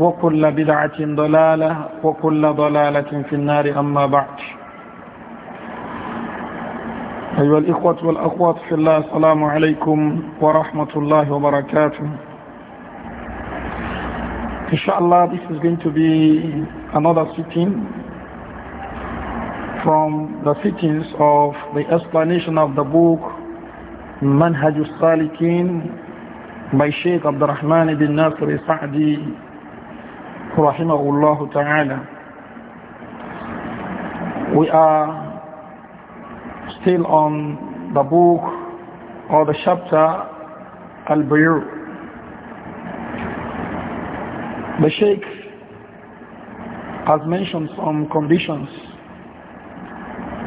وكل بدعة ضلالة وكل ضلالة في النار أما بعد أيها الإخوة والأخوات في الله السلام عليكم ورحمة الله وبركاته Inshallah, this is going to be another sitting from the sittings of the explanation of the book Manhaj al-Salikin by Sheikh Abdurrahman ibn Nasir Sa'di rahimahullah ta'ala. We are still on the book or the chapter Al-Bayu. The Sheikh has mentioned some conditions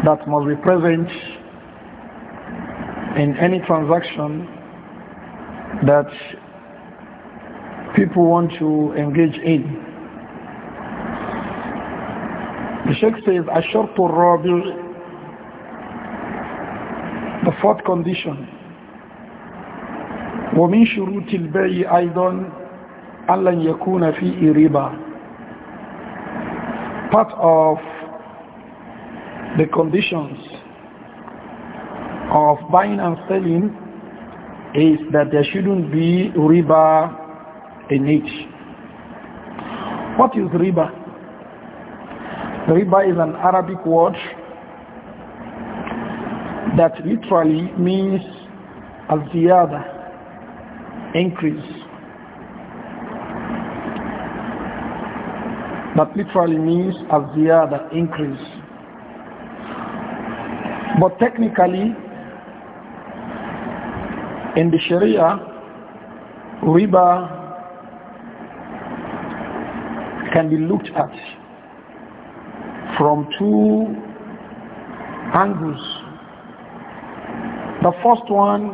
that must be present in any transaction that people want to engage in. The Sheikh says, Ashurtu Rabi, the fourth condition. ومن شروط البيع أيضا أن لن يكون فيه ربا part of the conditions of buying and selling is that there shouldn't be riba in it. What is riba? Riba is an Arabic word that literally means al-ziyada, increase. That literally means al-ziyada, increase. But technically, in the Sharia, riba can be looked at from two angles. The first one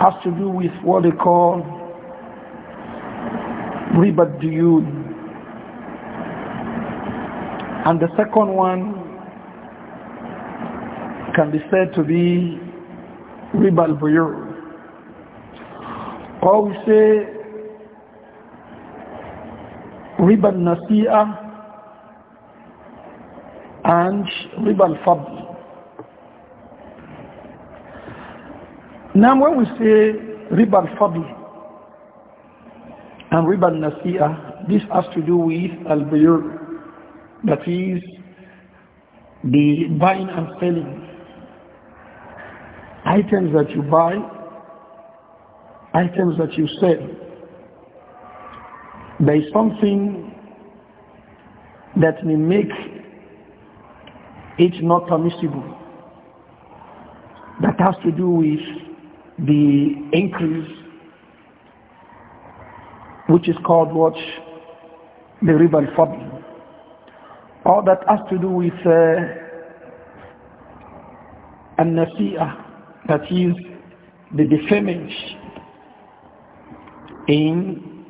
has to do with what they call ribat diyun. And the second one can be said to be ribal buyur. Or we say ribal nasi'ah and riba al-fadl. Now when we say riba al-fadl and riba al-nasi'ah, this has to do with al-bayr, that is the buying and selling. Items that you buy, items that you sell. There is something that may make it's not permissible. That has to do with the increase, which is called what? The river al All that has to do with uh, an-nasi'ah, is the defamage in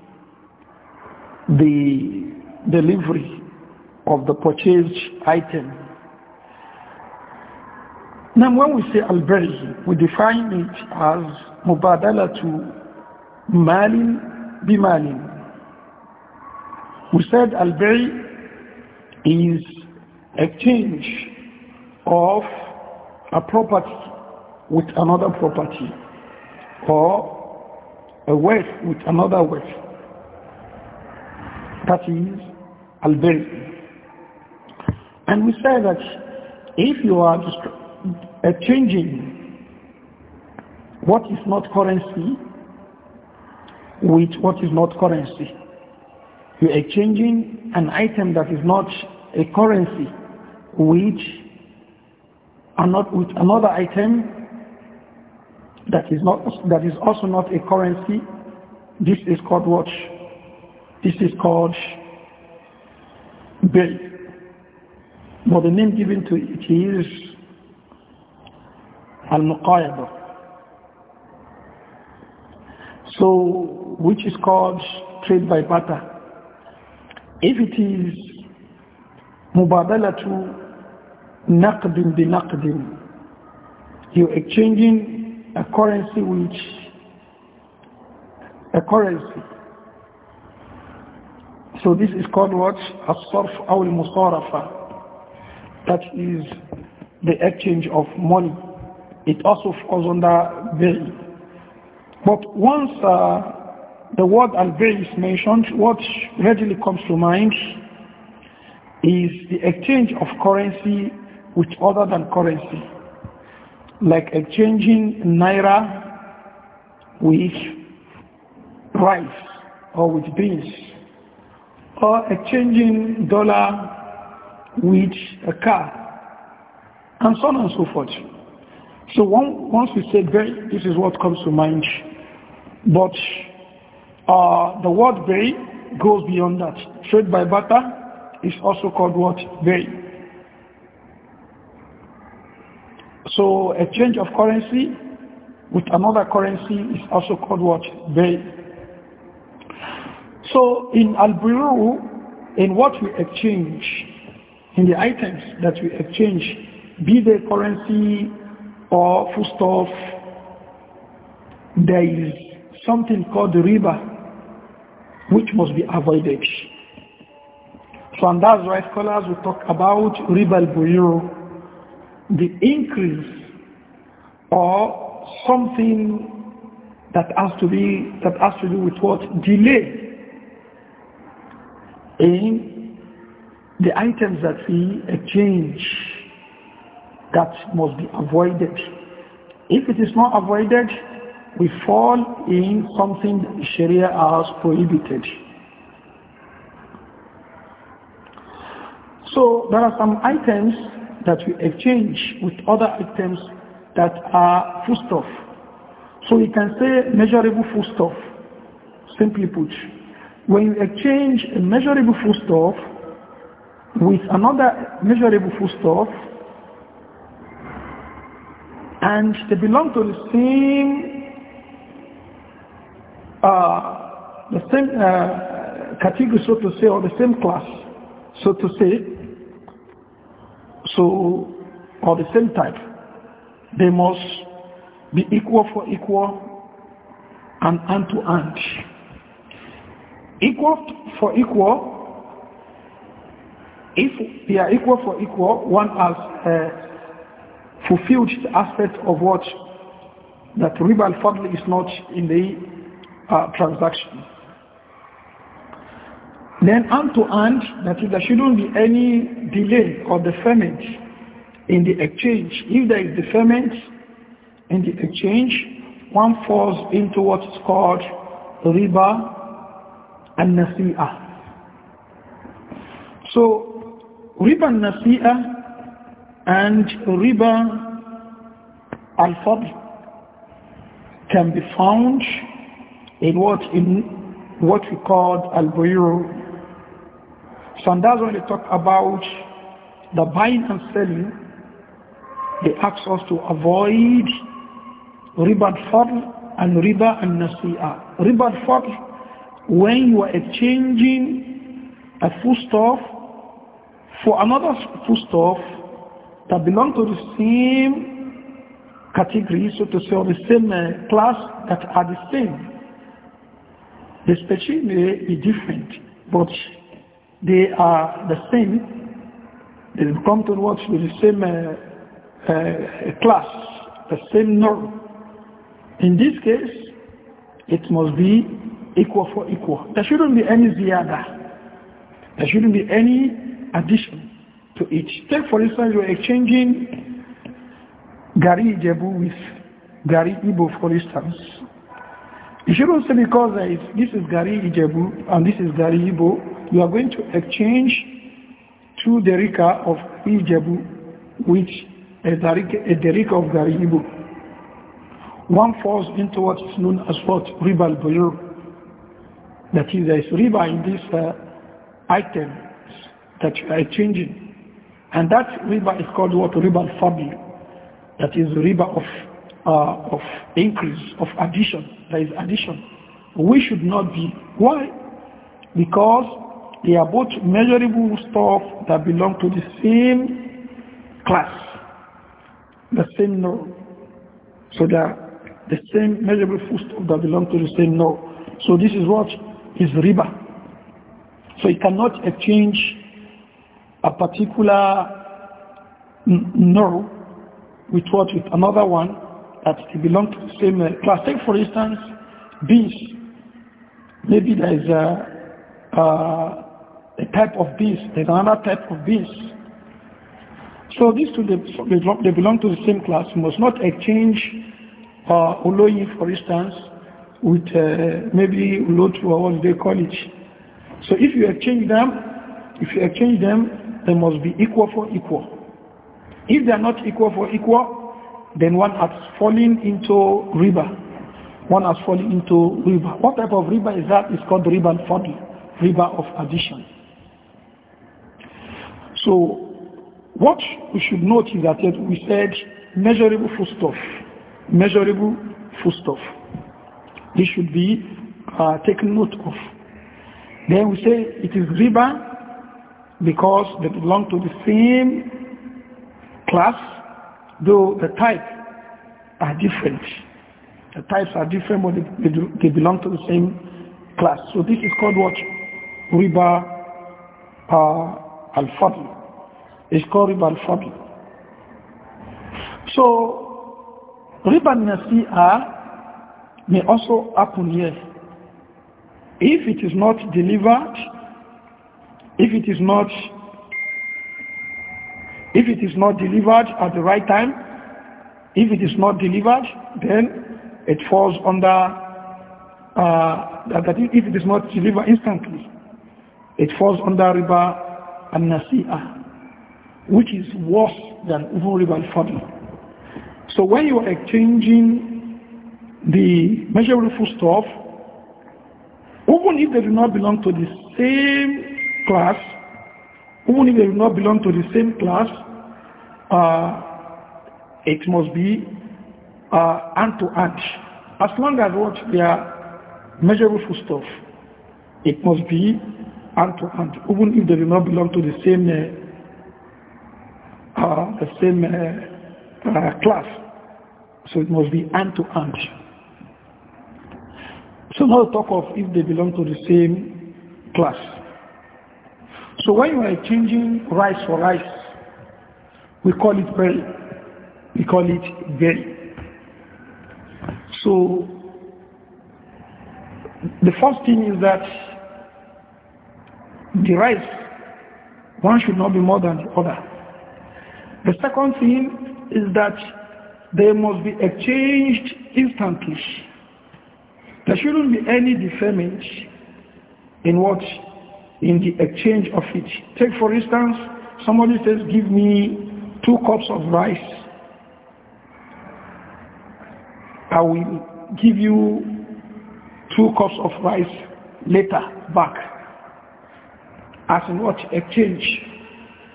the delivery of the purchased item now when we say al we define it as mubadala to malin bimalin. We said al is exchange of a property with another property or a wealth with another wealth. That is And we say that if you are exchanging what is not currency with what is not currency. You're exchanging an item that is not a currency with, with another item that is, not, that is also not a currency. This is called what? This is called bill. But the name given to it is al-muqayyada. So, which is called trade by barter. If it is mubadalatu naqdin bi naqdin, you're exchanging a currency which a currency. So this is called what? As-sarf al-musarafa. That is the exchange of money it also falls under bay. But once uh, the word al is mentioned, what readily comes to mind is the exchange of currency with other than currency, like exchanging naira with rice or with beans, or exchanging dollar with a car, and so on and so forth. So one, once we say bay, this is what comes to mind. But uh, the word bay goes beyond that. Trade by barter is also called what? Bay. So a change of currency with another currency is also called what? Bay. So in al in what we exchange, in the items that we exchange, be they currency or foodstuff. There is something called riba, which must be avoided. So and that's why scholars will talk about riba al-buyur, the increase or something that has to be that has to do with what delay in the items that we exchange that must be avoided. If it is not avoided, we fall in something Sharia has prohibited. So there are some items that we exchange with other items that are foodstuff. So we can say measurable foodstuff, simply put. When you exchange a measurable foodstuff with another measurable foodstuff, and they belong to the same uh, the same uh, category so to say or the same class so to say so or the same type they must be equal for equal and hand to hand equal for equal if they are equal for equal one has uh, fulfilled the aspect of what that riba al-fadl is not in the uh, transaction. Then hand to end, that is, there shouldn't be any delay or deferment in the exchange. If there is deferment in the exchange, one falls into what is called riba and nasi'ah. So riba and nasi'ah and riba al-fadl can be found in what in what we call al-buyur. So that's when they talk about the buying and selling. They ask us to avoid riba al-fadl and riba al nasiah Riba al-fadl when you are exchanging a foodstuff for another foodstuff that belong to the same category, so to say, or the same uh, class that are the same. The species may be different, but they are the same. They come to what with the same uh, uh, class, the same norm. In this case, it must be equal for equal. There shouldn't be any ziyada. There shouldn't be any addition to each, Take for instance, you're exchanging Gari Ijebu with Gari Ibo, for instance. You shouldn't say because this is Gari Ijebu and this is Gari Ibo, you are going to exchange two derika of Ijebu which is derika, a derika of Gari Ibo. One falls into what is known as what? Riba al That is, there is riba in this uh, item that you are exchanging. And that riba is called what? Riba al-fadl. That is riba of, uh, of increase, of addition. There is addition. We should not be. Why? Because they are both measurable stuff that belong to the same class, the same norm. So they are the same measurable foodstuff that belong to the same norm. So this is what is riba. So you cannot exchange a particular no with what with another one that they belong to the same uh, class. Take for instance bees. Maybe there is a, a, a type of bees, there's another type of bees. So these two, they, they belong to the same class. You must not exchange uh, Uloyi, for instance, with uh, maybe Ulotu or what they call it. So if you exchange them, if you exchange them, they must be equal for equal. If they are not equal for equal, then one has fallen into riba. One has fallen into riba. What type of riba is that? It's called riba al-fadl, riba of addition. So what we should note is that we said measurable foodstuff, measurable foodstuff. This should be uh, taken note of. Then we say it is riba because they belong to the same class, though the type are different. The types are different, but they, they belong to the same class. So this is called what? Riba uh, al-Fadl. It's called riba al-Fadl. So, riba nasi'ah may also happen here. If it is not delivered if it is not if it is not delivered at the right time, if it is not delivered, then it falls under, uh, that if it is not delivered instantly, it falls under riba and nasi'ah, which is worse than even riba al-fadl. So when you are exchanging the measurable foodstuff, even if they do not belong to the same class, even if they do not belong to the same class, uh, it must be uh, hand to hand. As long as what they are measurable stuff, it must be hand to hand, even if they do not belong to the same uh, uh, the same uh, uh, class. So it must be hand to hand. So now talk of if they belong to the same class. So when you are changing rice for rice, we call it berry. We call it berry. So the first thing is that the rice, one should not be more than the other. The second thing is that they must be exchanged instantly. There shouldn't be any deferment in what in the exchange of it. Take for instance, somebody says, give me two cups of rice. I will give you two cups of rice later back as in what exchange.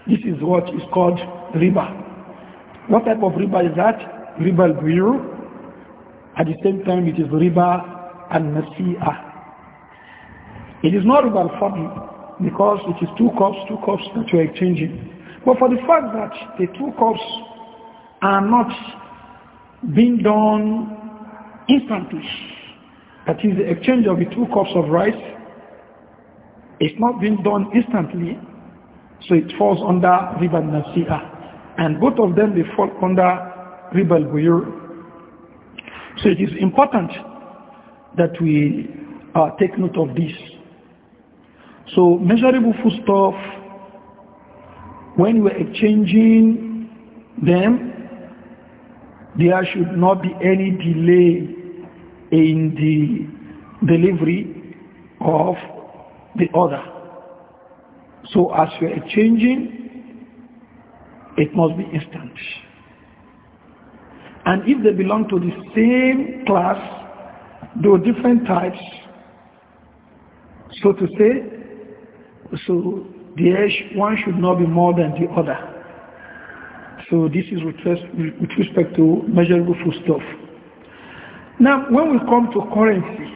This is what is called riba. What type of riba is that? Riba al At the same time, it is riba al-Nasi'ah. It is not riba al-Fadl because it is two cups, two cups that you are exchanging. But for the fact that the two cups are not being done instantly, that is the exchange of the two cups of rice, is not being done instantly, so it falls under riba nasiya, And both of them, they fall under riba al So it is important that we uh, take note of this. So measurable foodstuff, when we're exchanging them, there should not be any delay in the delivery of the order. So as we're exchanging, it must be instant. And if they belong to the same class, though different types, so to say, so there one should not be more than the other. So this is with, respect to measurable foodstuff. Now, when we come to currency,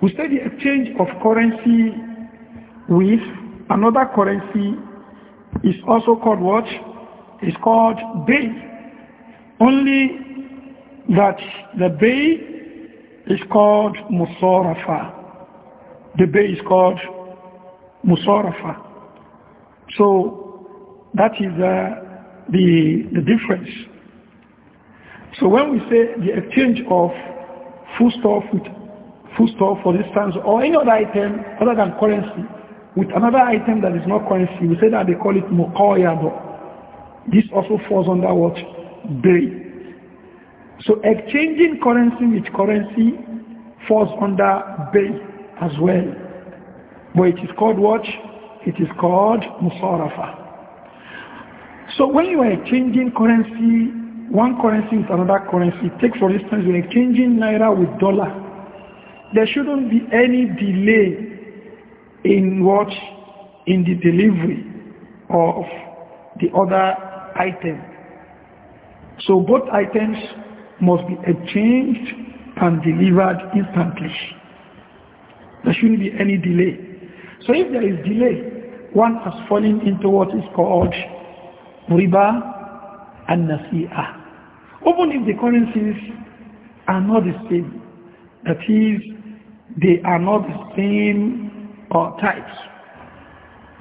we say the exchange of currency with another currency is also called what? It's called bay. Only that the bay is called musorafa. The bay is called musarafa. So that is uh, the, the difference. So when we say the exchange of foodstuff with foodstuff, for instance, or any other item other than currency, with another item that is not currency, we say that they call it mukoyabo. This also falls under what? Bay. So exchanging currency with currency falls under bay as well. But it is called what? It is called Musarafa. So when you are exchanging currency, one currency with another currency, take for instance, you're exchanging Naira with dollar. There shouldn't be any delay in what? In the delivery of the other item. So both items must be exchanged and delivered instantly. There shouldn't be any delay. So if there is delay, one has fallen into what is called riba and nasi'ah. Even if the currencies are not the same, that is, they are not the same uh, types.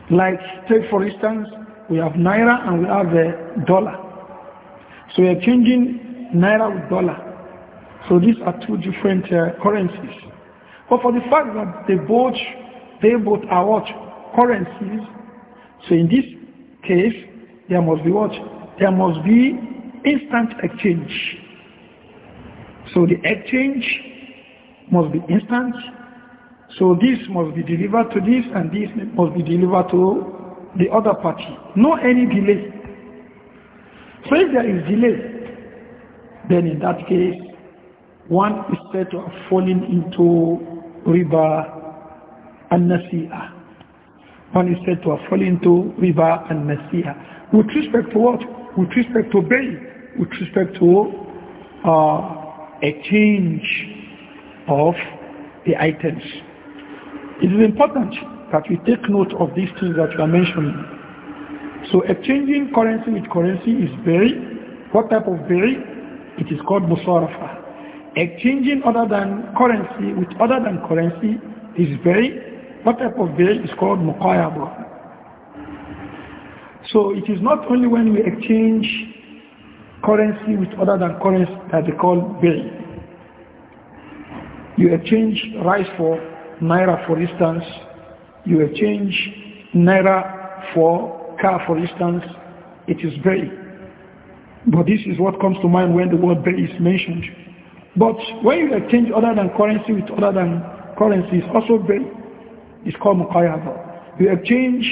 Like, take for instance, we have naira and we have the dollar. So we are changing naira with dollar. So these are two different uh, currencies. But for the fact that they both they both are what? Currencies. So in this case, there must be what? There must be instant exchange. So the exchange must be instant. So this must be delivered to this and this must be delivered to the other party. No any delay. So if there is delay, then in that case, one is said to have fallen into river and nasi'ah. One is said to have fallen into river and nasi'ah. With respect to what? With respect to bay, with respect to uh, change of the items. It is important that we take note of these things that you are mentioning. So exchanging currency with currency is very, what type of very? It is called musarafa. Exchanging other than currency with other than currency is very what type of bay is called muqayaba? So it is not only when we exchange currency with other than currency that they call bay. You exchange rice for naira, for instance. You exchange naira for car, for instance. It is bay. But this is what comes to mind when the word bay is mentioned. But when you exchange other than currency with other than currency, it's also bay. It's called muqayada. You exchange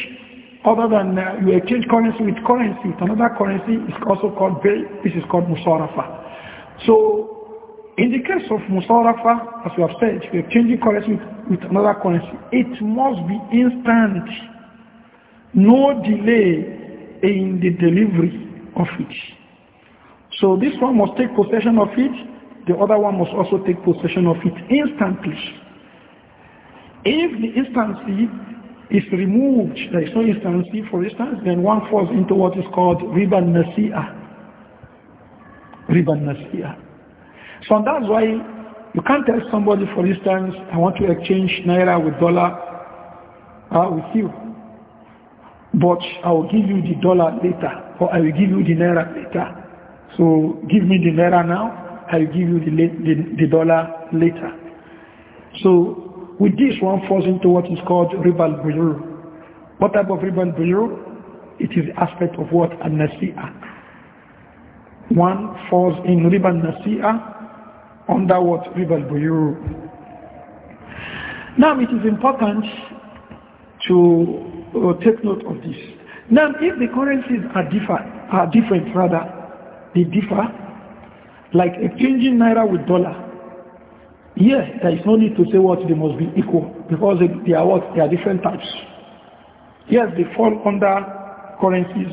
other than uh, you exchange currency with currency with another currency. It's also called bay. This is called musarafa. So in the case of musarafa, as we have said, you exchange currency with, with another currency. It must be instant. No delay in the delivery of it. So this one must take possession of it. The other one must also take possession of it instantly. If the instancy is removed, there uh, is no instancy, for instance, then one falls into what is called riba nasi'ah. Riba nasi'ah. So that's why you can't tell somebody, for instance, I want to exchange naira with dollar uh, with you, but I will give you the dollar later, or I will give you the naira later. So give me the naira now, I will give you the, the, the dollar later. So with this one falls into what is called riba al What type of riba is the aspect of what? Al-nasi'ah. One falls in riba al-nasi'ah under what? Riba al Now it is important to uh, take note of this. Now if the currencies are, differ, are different, rather, they differ, like exchanging naira with dollar, Yes, there is no need to say what they must be equal because they, they are what? They are different types. Yes, they fall under currencies,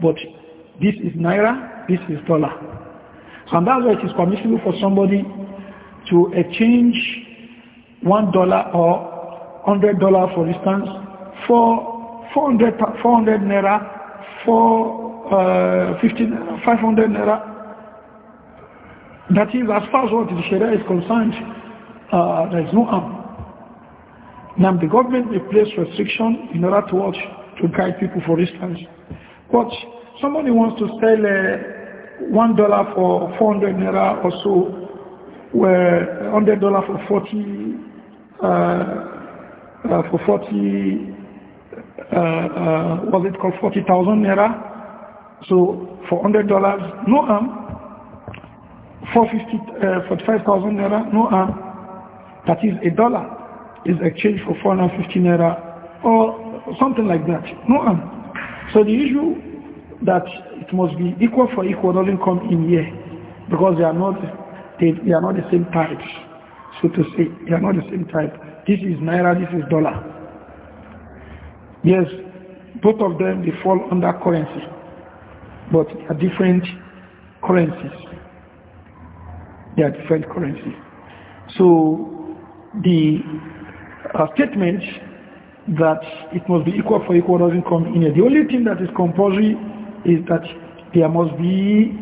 but this is naira, this is dollar. And that's why it is permissible for somebody to exchange one dollar or hundred dollar, for instance, for 400, naira, for uh, 500 naira. That is, as far as what the Sharia is concerned, uh, there is no harm. Now the government may place restriction in order to watch, to guide people for instance. Watch, somebody wants to sell uh, one dollar for 400 naira or so, where hundred dollar for 40, uh, uh, for 40, uh, uh, was it called 40,000 naira? So for hundred dollars, no harm. 450, uh, 45,000 naira, no harm that is a dollar is exchanged for 450 naira or something like that. No So the issue that it must be equal for equal doesn't come in here because they are not they, they are not the same type, so to say. They are not the same type. This is naira, this is dollar. Yes, both of them they fall under currency, but they are different currencies. They are different currencies. So the uh, statement that it must be equal for equal doesn't come in here. The only thing that is compulsory is that there must be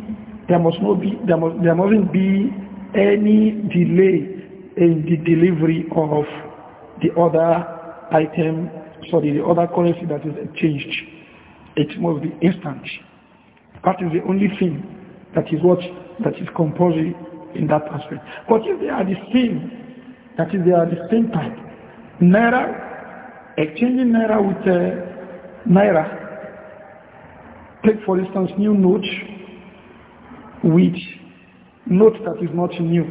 there must not be there must there mustn't be any delay in the delivery of the other item, sorry, the other currency that is exchanged. It must be instant. That is the only thing that is what that is compulsory in that aspect. But if they are the same that is, they are the same type. Naira, exchanging naira with uh, naira. Take, for instance, new note with note that is not new.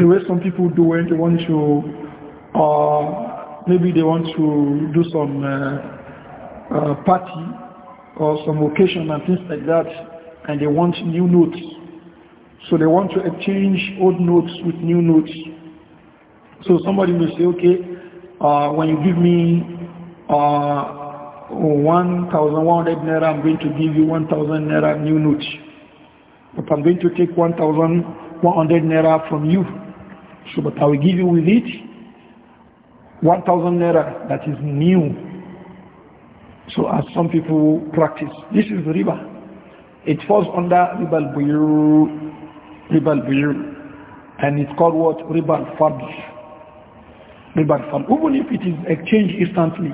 The way some people do when they want to, uh, maybe they want to do some uh, uh, party or some occasion and things like that, and they want new notes. So they want to exchange old notes with new notes. So somebody may say, okay, uh, when you give me uh, 1,100 naira, I'm going to give you 1,000 naira new notes. But I'm going to take 1,100 naira from you. So, but I will give you with it 1,000 naira that is new. So as some people practice, this is riba. It falls under riba al-buyur, riba al-buyur, and it's called what? Riba al riba even if it is exchanged instantly,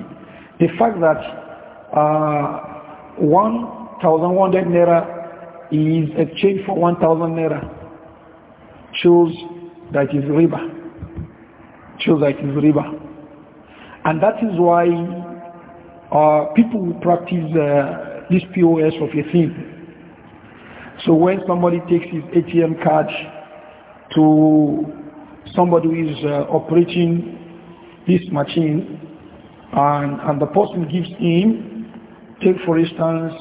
the fact that uh, 1,100 naira is exchanged for 1,000 naira shows that is riba. Shows that is riba. And that is why uh, people practice uh, this POS of a thing. So when somebody takes his ATM card to somebody who is uh, operating this machine and, and the person gives him, take for instance,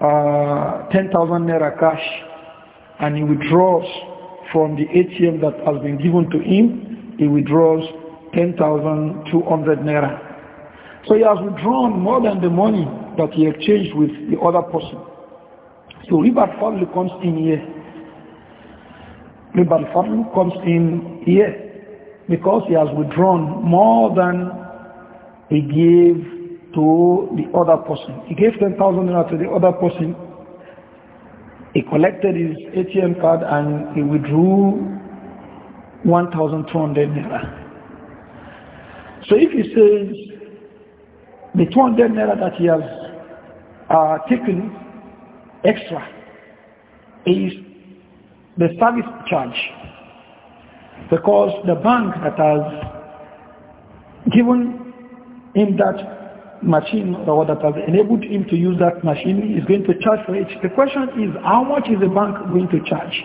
uh, 10,000 naira cash and he withdraws from the ATM that has been given to him, he withdraws 10,200 naira. So he has withdrawn more than the money that he exchanged with the other person. So riba fadl comes in here. Riba fadl comes in here because he has withdrawn more than he gave to the other person. He gave 10,000 naira to the other person. He collected his ATM card and he withdrew 1,200 naira. So if he says the 200 naira that he has uh, taken extra is the service charge because the bank that has given him that machine or that has enabled him to use that machine is going to charge for it. The question is how much is the bank going to charge?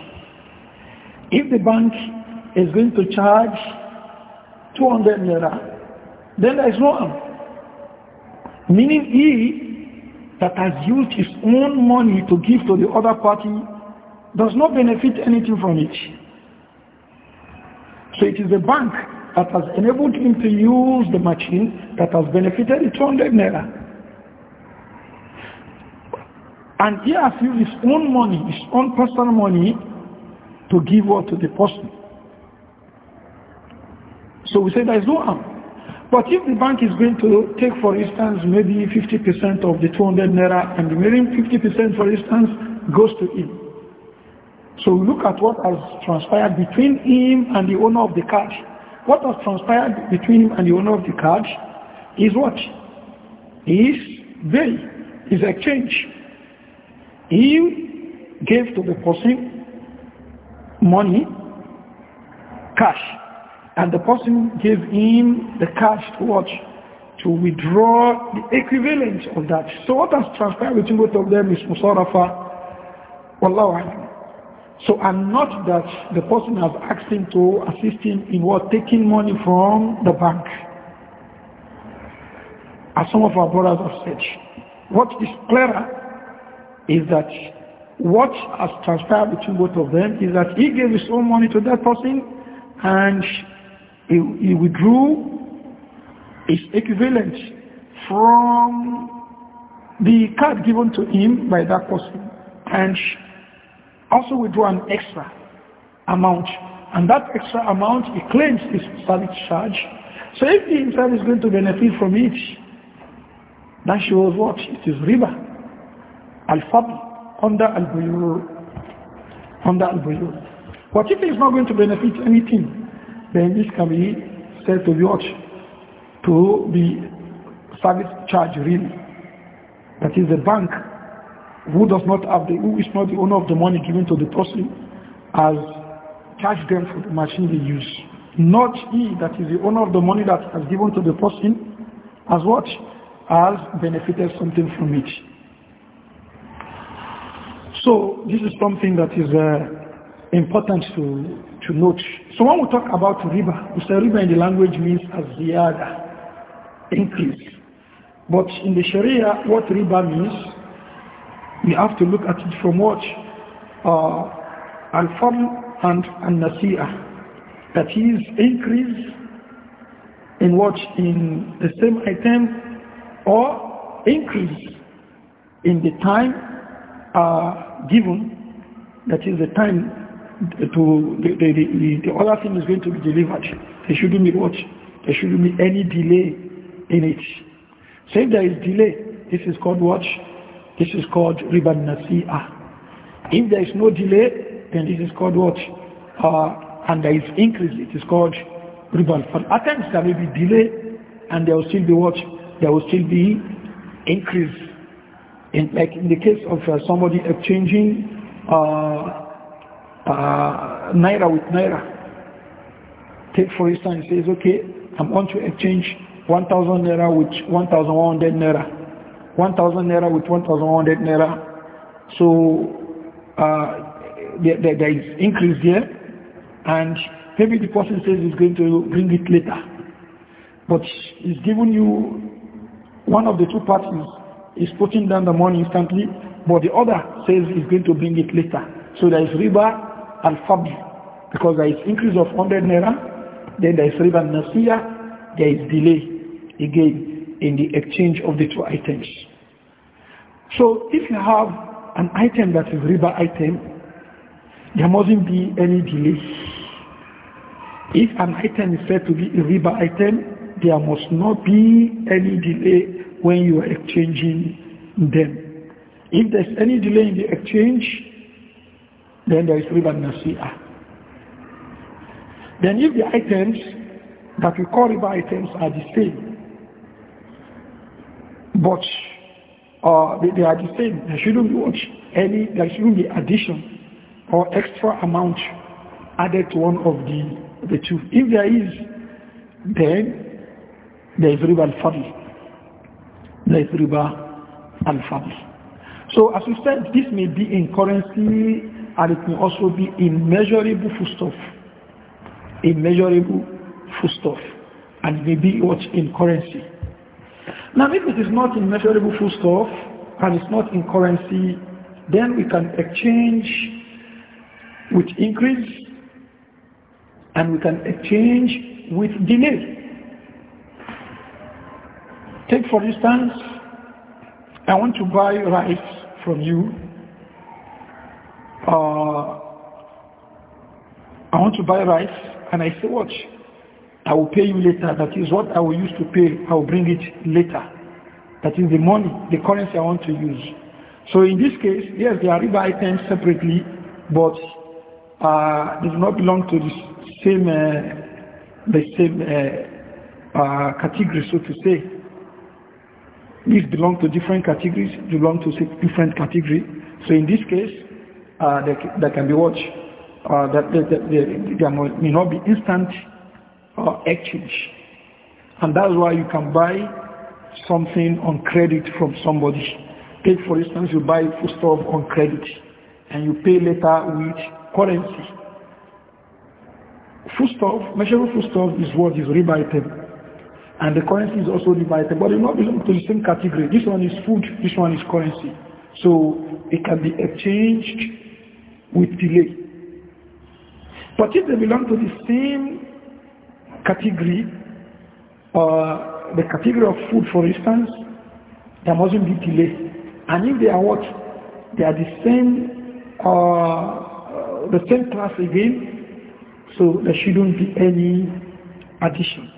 If the bank is going to charge 200 naira, then there is no harm. Meaning he that has used his own money to give to the other party does not benefit anything from it. So it is a bank that has enabled him to use the machine that has benefited 200 naira. And he has used his own money, his own personal money, to give what to the person. So we say there is no harm. But if the bank is going to take, for instance, maybe 50% of the 200 naira and the remaining 50%, for instance, goes to him, so look at what has transpired between him and the owner of the cash. What has transpired between him and the owner of the cash is what? Is they, is exchange. He gave to the person money, cash, and the person gave him the cash to watch, to withdraw the equivalent of that. So what has transpired between both of them is Musarafa. Wallahu alam. So, and not that the person has asked him to assist him in what? Taking money from the bank. As some of our brothers have said. What is clearer is that what has transpired between both of them is that he gave his own money to that person and he, he withdrew his equivalent from the card given to him by that person. And also withdraw an extra amount. And that extra amount he claims is service charge. So if he himself is going to benefit from it, that shows what? It is riba. al under al-Buyur. Under al-Buyur. But if he is not going to benefit anything, then this can be said to be what? To be service charge really. That is the bank who does not have the, who is not the owner of the money given to the person has charged them for the machine they use. Not he that is the owner of the money that has given to the person has what? Has benefited something from it. So this is something that is uh, important to, to note. So when we talk about riba, we say riba in the language means as ziyada, increase. But in the Sharia, what riba means we have to look at it from what? Uh, al fam and Al-Nasiyah. is increase in what? In the same item or increase in the time uh, given. That is the time to the, the, the, the other thing is going to be delivered. There shouldn't be what? There shouldn't be any delay in it. So if there is delay, this is called watch. This is called riba nasi'ah. If there is no delay, then this is called what? Uh, and there is increase, it is called riba But At times there may be delay and there will still be what? There will still be increase. In, like in the case of uh, somebody exchanging uh, uh, naira with naira. Take for instance, he says, okay, I'm going to exchange 1,000 naira with 1,100 naira. 1,000 naira with 1,100 naira. So uh, there, there is increase there. And maybe the person says he's going to bring it later. But he's giving you one of the two parties is putting down the money instantly, but the other says he's going to bring it later. So there is riba and fabri because there is increase of 100 naira, then there is riba nasiya, there is delay again in the exchange of the two items. So if you have an item that is riba item, there mustn't be any delay. If an item is said to be a riba item, there must not be any delay when you are exchanging them. If there's any delay in the exchange, then there is riba nasi'a. Then if the items that we call riba items are the same, but uh, they, they, are the same. There shouldn't be any, there shouldn't be addition or extra amount added to one of the, the two. If there is, then there is riba al-fadl. There is riba al-fadl. So as we said, this may be in currency and it may also be in measurable foodstuff. Immeasurable foodstuff. And maybe what in currency. Now, if it is not in measurable foodstuff and it's not in currency, then we can exchange with increase and we can exchange with delay. Take for instance, I want to buy rice from you. Uh, I want to buy rice and I say, watch, I will pay you later. That is what I will use to pay. I will bring it later. That is the money, the currency I want to use. So in this case, yes, they are riba items separately, but uh, they do not belong to the same, uh, the same uh, uh category, so to say. These belong to different categories, belong to different category. So in this case, uh, that, can be watched. Uh, that, that, that, that, there may not be instant are active. And that's why you can buy something on credit from somebody. Take for instance, you buy foodstuff on credit and you pay later with currency. Foodstuff, measurable foodstuff is what is rebated. And the currency is also divided, but it not belong to the same category. This one is food, this one is currency. So it can be exchanged with delay. But if they belong to the same category, uh, the category of food, for instance, there mustn't be delay. And if they are what? They are the same, uh, uh, the same class again, so there shouldn't be any addition.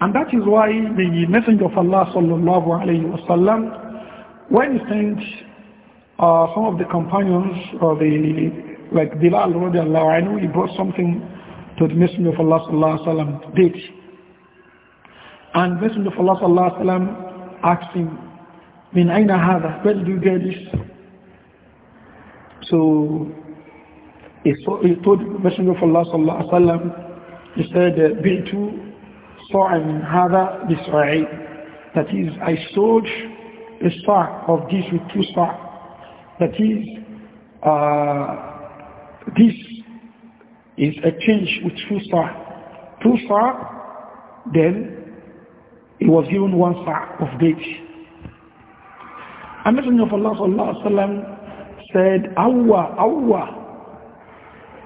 And that is why the Messenger of Allah sallallahu alayhi wa sallam, when he sent uh, some of the companions, or the, like Bilal radiallahu anhu, he brought something to the Messenger of Allah sallallahu alaihi wasallam did. And Messenger of Allah sallallahu alaihi wasallam asked him, "Min aina hada? Where do you get this?" So he, saw, he told the Messenger of Allah sallallahu alaihi wasallam, he said, "Bi'tu sa'an hada bisra'i." That is, I sold a star of this with two star. That is, uh, this is a change with two star. Two star, then it was given one star of date. A messenger of Allah sallallahu alaihi wasallam said, "Awwa, awwa."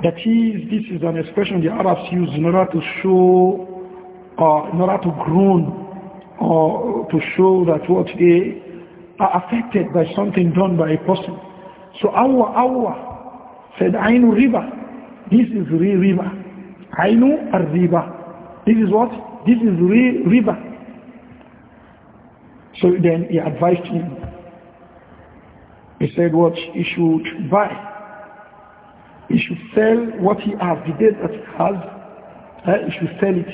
That is, this is an expression the Arabs use in order to show, or uh, in order to groan, or to show that what they are affected by something done by a person. So awwa, awwa, said Ainu riba. This is real riba. Ainu riba. This is what? This is real riba. So then he advised him. He said what he should buy. He should sell what he has, the debt that he has, uh, eh, he should sell it.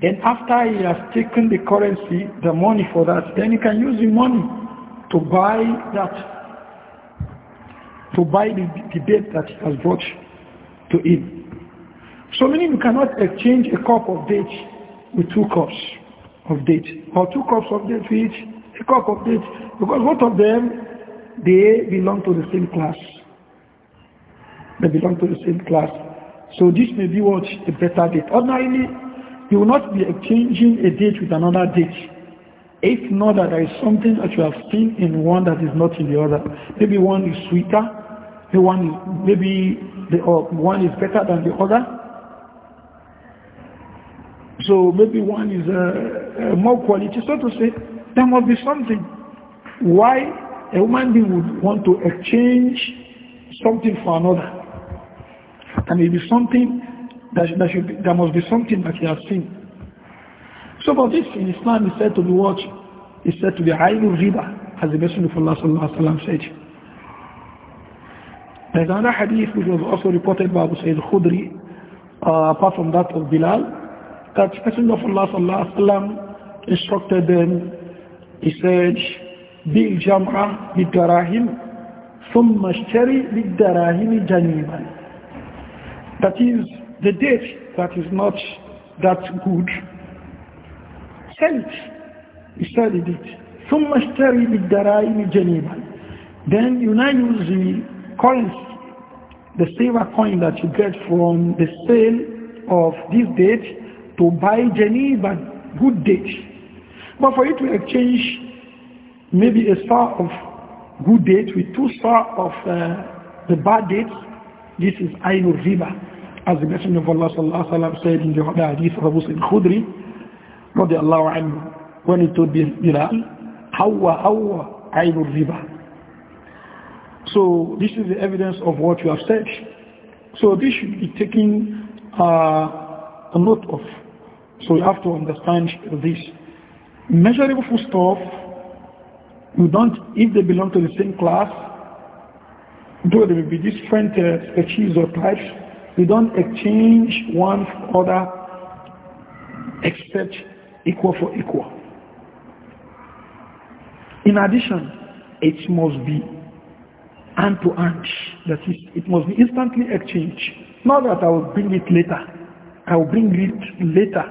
Then after he has taken the currency, the money for that, then he can use the money to buy that, to buy the, the debt that he has brought to him. So meaning you cannot exchange a cup of date with two cups of date, or two cups of date with a cup of date, because both of them, they belong to the same class. They belong to the same class. So this may be what a better date. Ordinarily, you will not be exchanging a date with another date. If not that there is something that you have seen in one that is not in the other. Maybe one is sweeter, the one maybe the oh, one is better than the other. So maybe one is uh, uh, more quality, so to say. There must be something. Why a woman would want to exchange something for another? And be something that, that should be, there must be something that he has seen. So for this in Islam is said to be what is said to be Ainu Riba, as the Messenger of Allah said. There's another hadith which was also reported by Abu Sayyid Khudri, uh, apart from that of Bilal, that Messenger of Allah sallallahu sallam instructed them, he said, Bil jam'a bid darahim, thumma ashtari bid darahim janiman. That is, the date that is not that good, sell it. He studied it. ثم اشتري بالدراهم جنيبا. Then you now use the coins, the silver coin that you get from the sale of this date to buy Geneva good date. But for you to exchange maybe a star of good date with two star of uh, the bad date, this is Ainul Riba. As the Messenger of Allah sallallahu alaihi wasallam said in the hadith of Abu Sa'id Khudri, الله عنه, when he be Bilal, Hawa Hawa Ainul Riba. So this is the evidence of what you have said. So this should be taken uh, a note of. So you have to understand this. Measurable foodstuff, you don't, if they belong to the same class, though they will be different uh, species or types, you don't exchange one for other except equal for equal. In addition, it must be hand to hand. That is, it must be instantly exchanged. Not that I will bring it later. I will bring it later.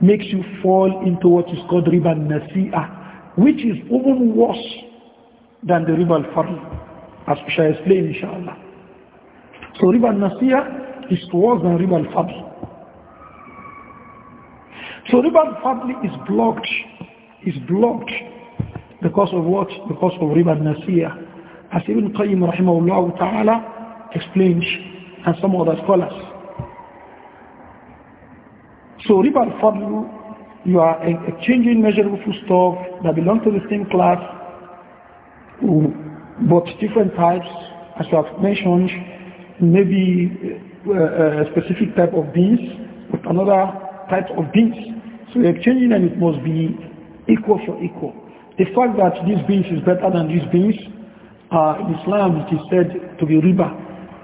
Makes you fall into what is called riba nasi'ah, which is even worse than the riba al-farl, as we shall explain inshallah. So riba nasi'ah is worse than riba al-farl. So riba al-farl is blocked, is blocked because of what? Because of riba nasi'ah as Ibn Qayyim rahimahullah ta'ala explains and some other scholars. So riba al-fadl, you are exchanging measurable foodstuff that belong to the same class, um, but different types, as I have mentioned, maybe uh, uh, a specific type of beans with another type of beans. So you're exchanging and it must be equal for equal. The fact that this beans is better than these beans uh, in Islam it is said to be riba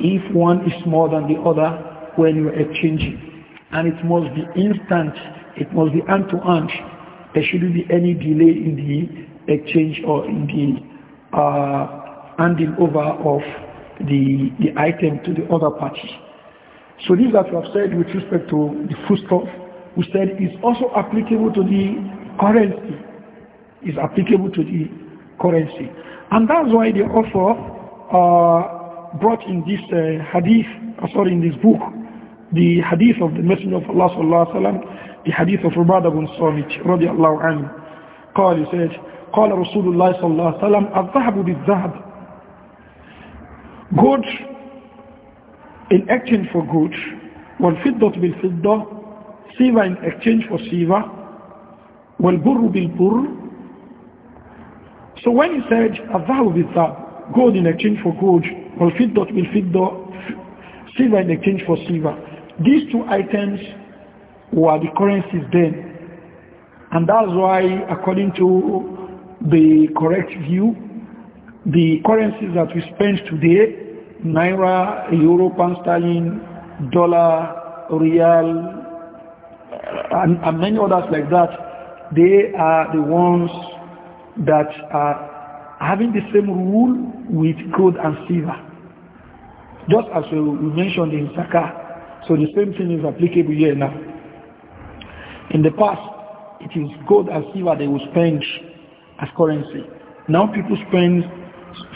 if one is more than the other when you are exchanging. And it must be instant, it must be hand to hand. There shouldn't be any delay in the exchange or in the uh, handing over of the, the item to the other party. So this that we have said with respect to the foodstuff, we said is also applicable to the currency. Is applicable to the currency. And that's why the author uh, brought in this uh, hadith, uh, sorry, in this book, the hadith of the Messenger of Allah sallallahu alaihi wasallam, the hadith of Ubadah bin Samit radiallahu anhu. قال he said, قال رسول الله صلى الله عليه وسلم الذهب بالذهب good in exchange for good والفضة بالفضة silver in exchange for silver والبر بالبر so when he said, Azahu bitha, gold in exchange for gold, or will fidda, silver in exchange for silver, these two items were the currencies then. And that's why, according to the correct view, the currencies that we spend today, Naira, Euro, Pound Sterling, Dollar, Real, and, and many others like that, they are the ones that are uh, having the same rule with gold and silver. Just as we mentioned in Saka. so the same thing is applicable here now. In the past, it is gold and silver they would spend as currency. Now people spend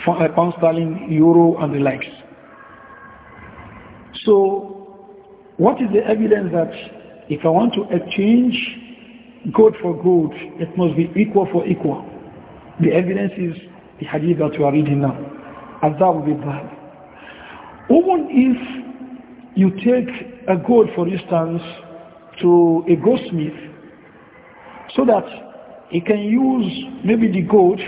uh, pound sterling, euro, and the likes. So, what is the evidence that if I want to exchange gold for gold, it must be equal for equal? The evidence is the hadith that you are reading now. And that will be bad. Even if you take a gold, for instance, to a goldsmith, so that he can use maybe the gold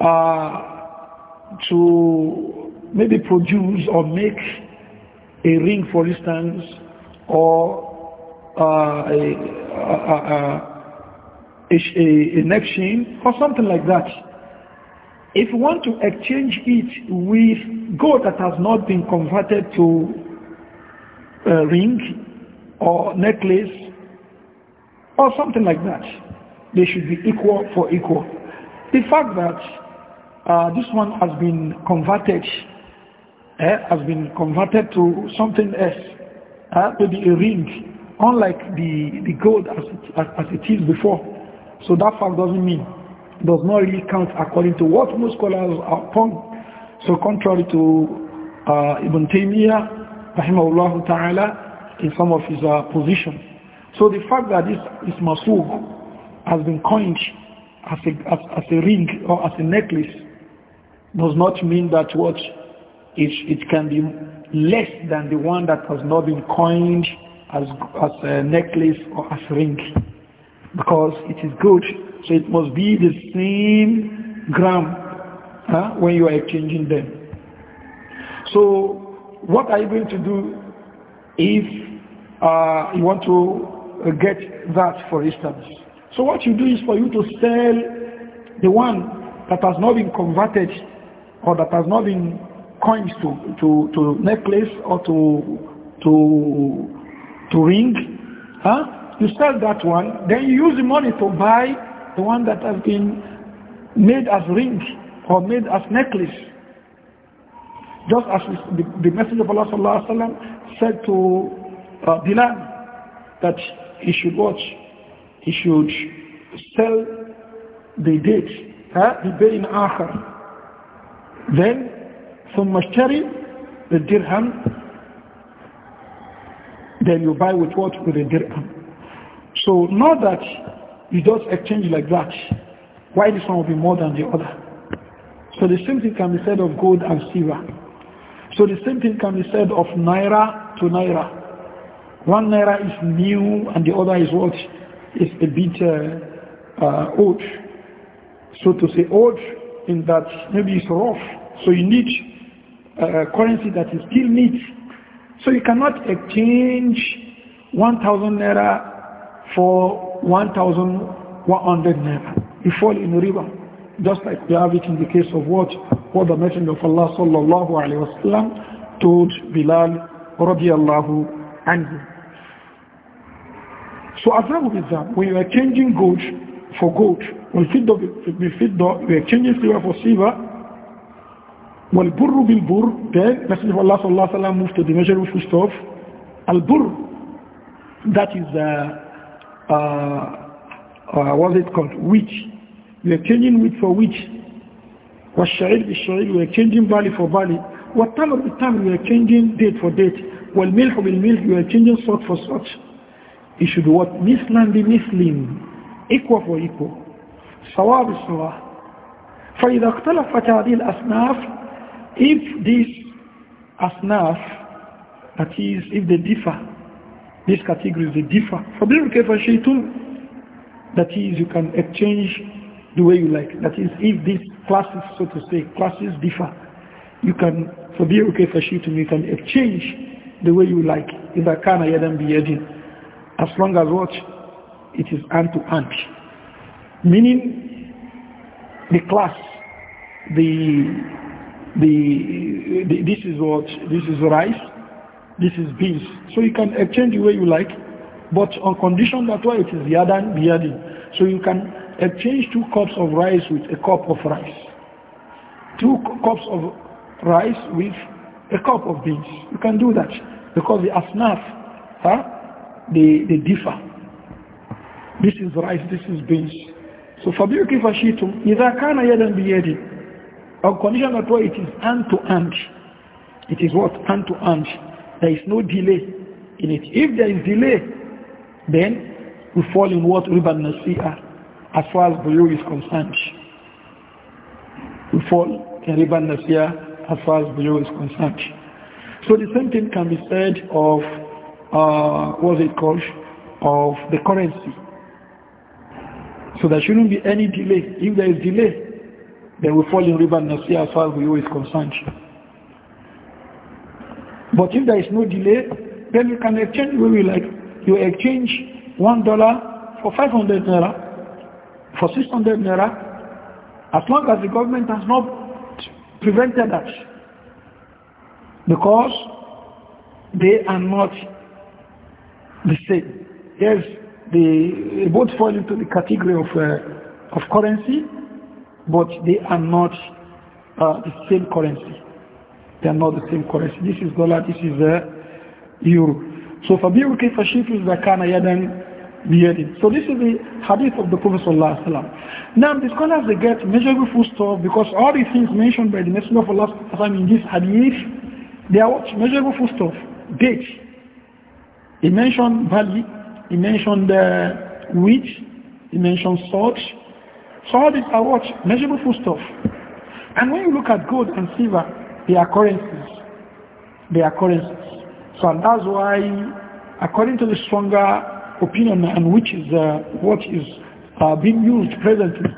uh, to maybe produce or make a ring, for instance, or uh, a, a, a a, a, a neck chain or something like that. If you want to exchange it with gold that has not been converted to a uh, ring or necklace or something like that, they should be equal for equal. The fact that uh, this one has been converted eh, has been converted to something else, eh, maybe a ring, unlike the, the gold as it, as, as it is before. So that fact doesn't mean, does not really count according to what most scholars are upon. So contrary to uh, Ibn Taymiyyah, rahimahullah ta'ala, in some of his uh, positions. So the fact that this is has been coined as a, as, as, a ring or as a necklace does not mean that what it, it can be less than the one that has not been coined as, as a necklace or as a ring because it is good. So it must be the same gram huh, when you are exchanging them. So what are you going to do if uh, you want to get that, for instance? So what you do is for you to sell the one that has not been converted or that has not been coins to, to, to necklace or to, to, to ring, huh? you sell that one, then you use the money to buy the one that has been made as rings or made as necklace. Just as the, the Messenger of Allah sallallahu alaihi wasallam said to uh, Bilal that he should watch, he should sell the date, ببيع آخر then from Mashtari the dirham then you buy with what? With a dirham so not that you just exchange like that. Why this one will be more than the other? So the same thing can be said of gold and silver. So the same thing can be said of naira to naira. One naira is new and the other is what? Is a bit uh, uh, old. So to say old in that maybe it's rough. So you need uh, uh, currency that is still neat. So you cannot exchange 1,000 naira for 1,100 naira. You fall in the river, Just like we have it in the case of what, what the Messenger of Allah sallallahu alayhi wasallam told Bilal radiallahu anhu. So as Azabu Bizam, when you are changing gold for gold, feed the you are changing silver for silver, والبر بالبر, then Messenger of Allah sallallahu alayhi wa moved to the measure of stuff, al-bur, that is uh, uh, uh, what's it called, wheat. We are changing wheat for wheat. والشعير بالشعير we are changing barley for barley. والتمر بالتمر we are changing date for date. والملح بالملح we are changing salt for salt. It should what? Mislan be mislim. Equal for equal. سواء بالسواء. فإذا اختلفت هذه الأصناف if these asnaf, that is, if they differ these categories, they differ. That is, you can exchange the way you like. That is, if these classes, so to say, classes differ, you can, for beer okay for you can exchange the way you like. If I can, I be biyadin. As long as what? It is hand to hand. Meaning, the class, the, the, the, this is what, this is rice, this is beans, So you can exchange the way you like, but on condition that why it is yadan biyadi. So you can exchange two cups of rice with a cup of rice. Two cups of rice with a cup of beans. You can do that because the asnaf, huh, they, they differ. This is rice, this is beans. So فَبِيُكِ فَشِيتُمْ إِذَا كَانَ يَدًا بِيَدٍ On condition that why it is hand to hand. It is what? Hand to hand. There is no delay in it. If there is delay, then we fall in what riba nasi'ah as far as buyu is concerned. We fall in riba nasi'ah as far as buyu is concerned. So the same thing can be said of, uh, what's it called, of the currency. So there shouldn't be any delay. If there is delay, then we fall in riba nasi'ah as far as buyu is concerned. But if there is no delay, then you can exchange the you like. You exchange one dollar for 500 naira, for 600 naira, as long as the government has not prevented that. Because they are not the same. Yes, they both fall into the category of, uh, of currency, but they are not uh, the same currency. They are not the same currency. This is dollar, this is uh, euro. So فَبِيعُ كَيْفَ شِفْتُ إِذَا كَانَ يَدًا بِيَدٍ So this is the hadith of the Prophet ﷺ. Now the scholars they get measurable foodstuff because all the things mentioned by the Messenger of Allah ﷺ in this hadith, they are what? Measurable foodstuff. Dates. He mentioned barley, he mentioned uh, wheat, he mentioned salt. So all these are what? Measurable foodstuff. And when you look at gold and silver, the currencies. the currencies. So and that's why, according to the stronger opinion, and which is uh, what is uh, being used presently,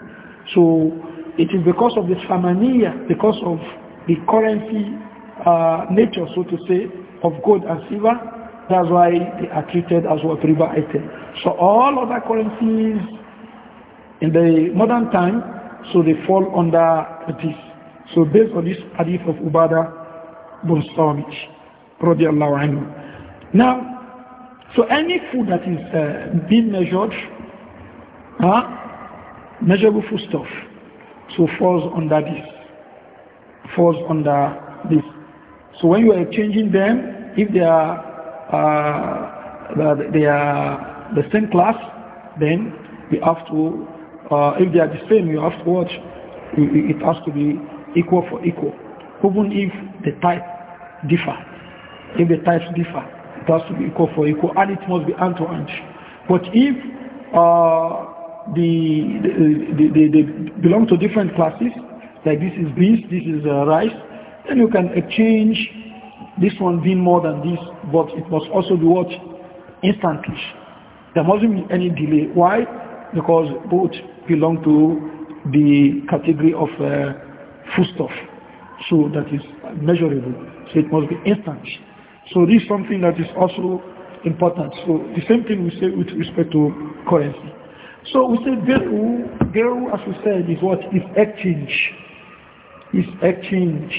so it is because of the samaniya, because of the currency uh, nature, so to say, of gold and silver, that's why they are treated as what riba item. So all other currencies in the modern time, so they fall under this. So based on this hadith of Ubada bin Samit, radiallahu anhu. Now, so any food that is uh, being measured, huh, measurable foodstuff, so falls under this, falls under this. So when you are exchanging them, if they are uh, uh, they are the same class, then we have to, uh, if they are the same, you have to watch, it has to be equal for equal, even if the type differ. If the types differ, it has to be equal for equal, and it must be end to end. But if uh, the, the, the, they belong to different classes, like this is beans, this is uh, rice, then you can exchange this one being more than this, but it must also be what? Instantly. There mustn't be any delay. Why? Because both belong to the category of uh, foodstuff. So that is measurable. So it must be instant. So this is something that is also important. So the same thing we say with respect to currency. So we say Beru, Beru as we said is what? Is exchange. Is exchange.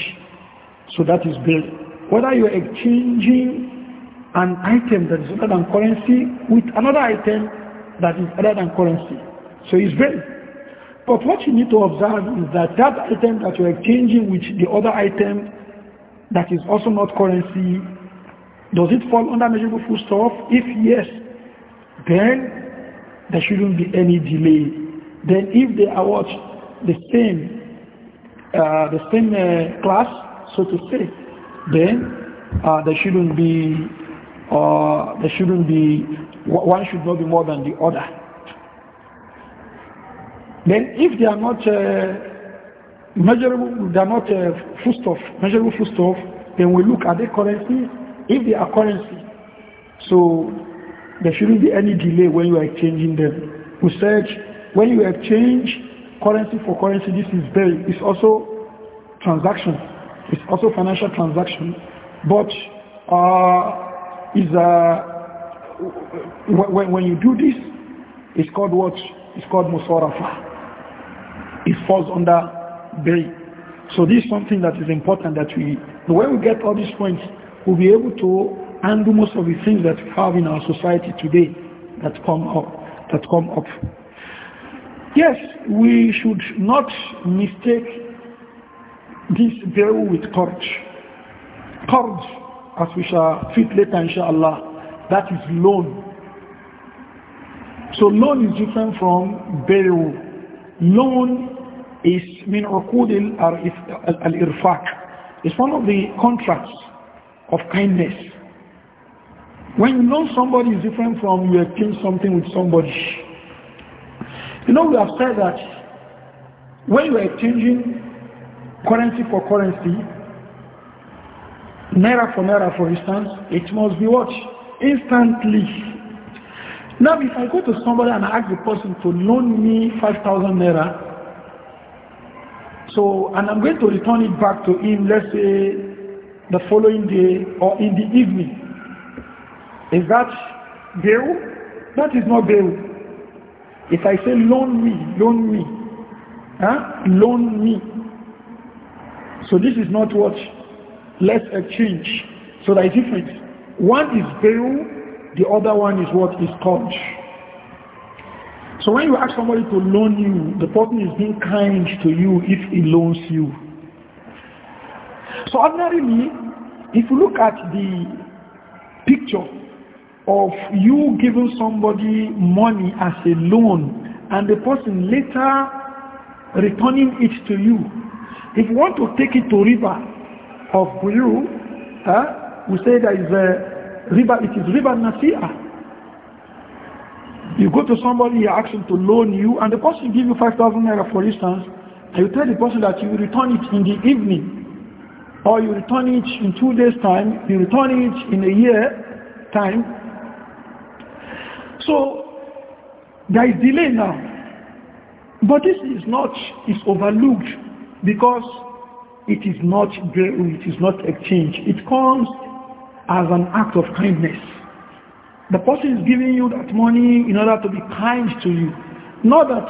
So that is Beru. Whether you are exchanging an item that is other than currency with another item that is other than currency. So it's Beru. But what you need to observe is that that item that you're exchanging with the other item that is also not currency, does it fall under measurable foodstuff? If yes, then there shouldn't be any delay. Then if they are what? The same, uh, the same uh, class, so to say, then uh, there shouldn't be, uh, there shouldn't be, one should not be more than the other. Then if they are not uh, measurable, they are not uh, foodstuff, measurable foodstuff, then we look at the currency, If they are currency, so there shouldn't be any delay when you are exchanging them. We said when you exchange currency for currency, this is very, it's also transaction. It's also financial transaction. But uh, is uh, when, when you do this, it's called what? It's called musarafa it falls under bay. So this is something that is important that we, The way we get all these points, we'll be able to handle most of the things that we have in our society today that come up. That come up. Yes, we should not mistake this veil with qard. Qard, as we shall treat later inshallah, that is loan. So loan is different from bail loan is min uqud al It's one of the contracts of kindness. When you know somebody is different from you exchange something with somebody. You know, we have said that when you are exchanging currency for currency, naira for naira, for instance, it must be what? Instantly now, if I go to somebody and I ask the person to loan me 5,000 naira, so, and I'm going to return it back to him, let's say the following day or in the evening, is that bail? That is not bail. If I say loan me, loan me, huh? loan me. So this is not what? Let's exchange. So there is difference. One is bail the other one is what is called. So when you ask somebody to loan you, the person is being kind to you if he loans you. So ordinarily, if you look at the picture of you giving somebody money as a loan and the person later returning it to you, if you want to take it to river of Buyu, huh, we say there is a riba, it is riba nasi'ah. You go to somebody, you ask him to loan you, and the person give you 5,000 naira, for instance, and you tell the person that you will return it in the evening, or you return it in two days' time, you return it in a year time. So, there is delay now. But this is not, it's overlooked because it is not it is not exchange. It comes as an act of kindness. The person is giving you that money in order to be kind to you. Not that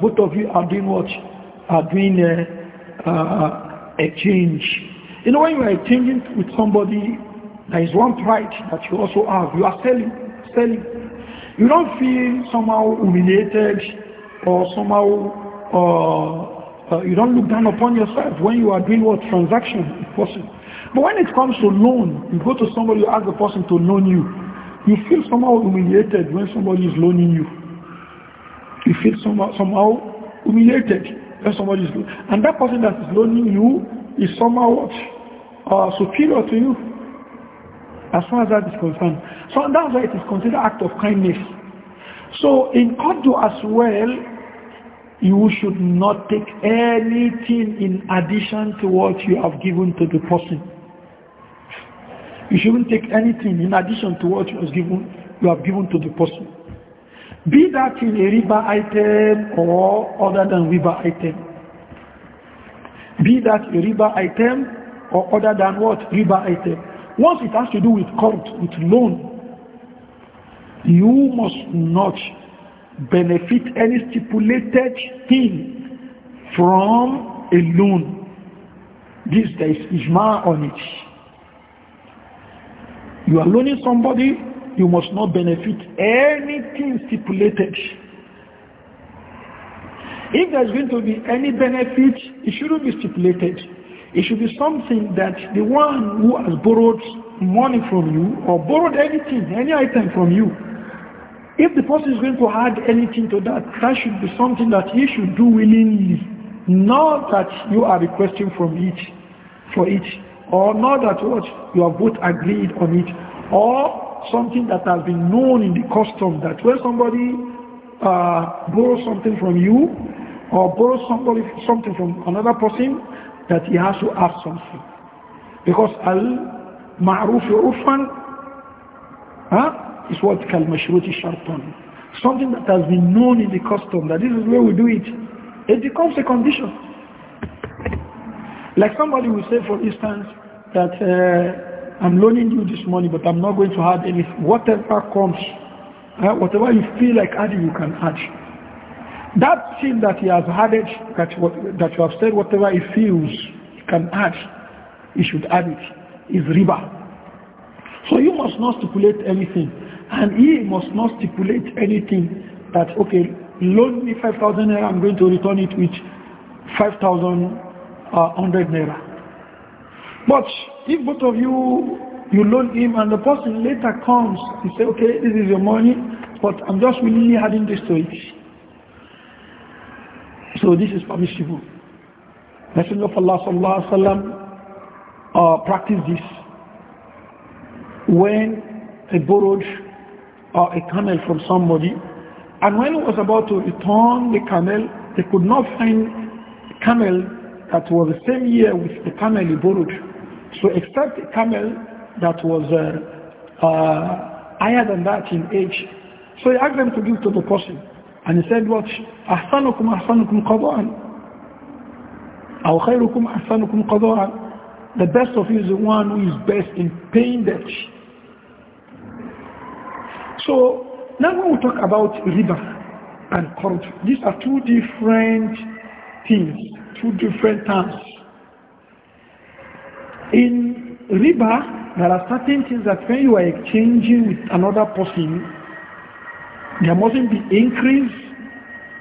both of you are doing what? Are doing a, uh, a, uh, a change. You know, when you are changing with somebody, there is one pride that you also have. You are selling, selling. You don't feel somehow humiliated or somehow uh, uh, you don't look down upon yourself when you are doing what transaction person. But when it comes to loan, you go to somebody, you ask the person to loan you. You feel somehow humiliated when somebody is loaning you. You feel somehow, somehow humiliated when somebody is loaning And that person that is loaning you is somehow uh, superior to you as far as that is concerned. So that's why it is considered act of kindness. So in Qaddu as well, you should not take anything in addition to what you have given to the person you shouldn't take anything in addition to what you was given you have given to the person. Be that in a riba item or other than riba item. Be that a riba item or other than what? Riba item. Once it has to do with court, with loan, you must not benefit any stipulated thing from a loan. This there is ijma on it. You are loaning somebody, you must not benefit anything stipulated. If there's going to be any benefit, it shouldn't be stipulated. It should be something that the one who has borrowed money from you or borrowed anything, any item from you, if the person is going to add anything to that, that should be something that he should do willingly, not that you are requesting from it, for it or not that what you have both agreed on it or something that has been known in the custom that when somebody uh, borrows something from you or borrows somebody something from another person that he has to ask something because al ma'ruf urfan huh, is what kal mashruti sharpan, something that has been known in the custom that this is where we do it it becomes a condition like somebody will say, for instance, that uh, I'm loaning you this money, but I'm not going to add any. Whatever comes, uh, whatever you feel like adding, you can add. That thing that he has added, that, that you have said, whatever he feels, he can add. He should add it. Is riba. So you must not stipulate anything. And he must not stipulate anything that, okay, loan me 5,000 I'm going to return it with 5,000 uh, 100 naira. But if both of you, you loan him and the person later comes he say, okay, this is your money, but I'm just willingly adding this to it. So this is permissible. Messenger of Allah sallallahu wa wasallam uh, this when he borrowed uh, a camel from somebody, and when he was about to return the camel, they could not find camel that was the same year with the camel he borrowed. So except a camel that was uh, uh, higher than that in age. So he asked them to give to the person. And he said, what? أحسنكم أحسنكم قضاء أو خيركم أحسنكم The best of you is the one who is best in paying debt. So now we will talk about riba and qard, these are two different things two different terms. In riba, there are certain things that when you are exchanging with another person, there mustn't be increase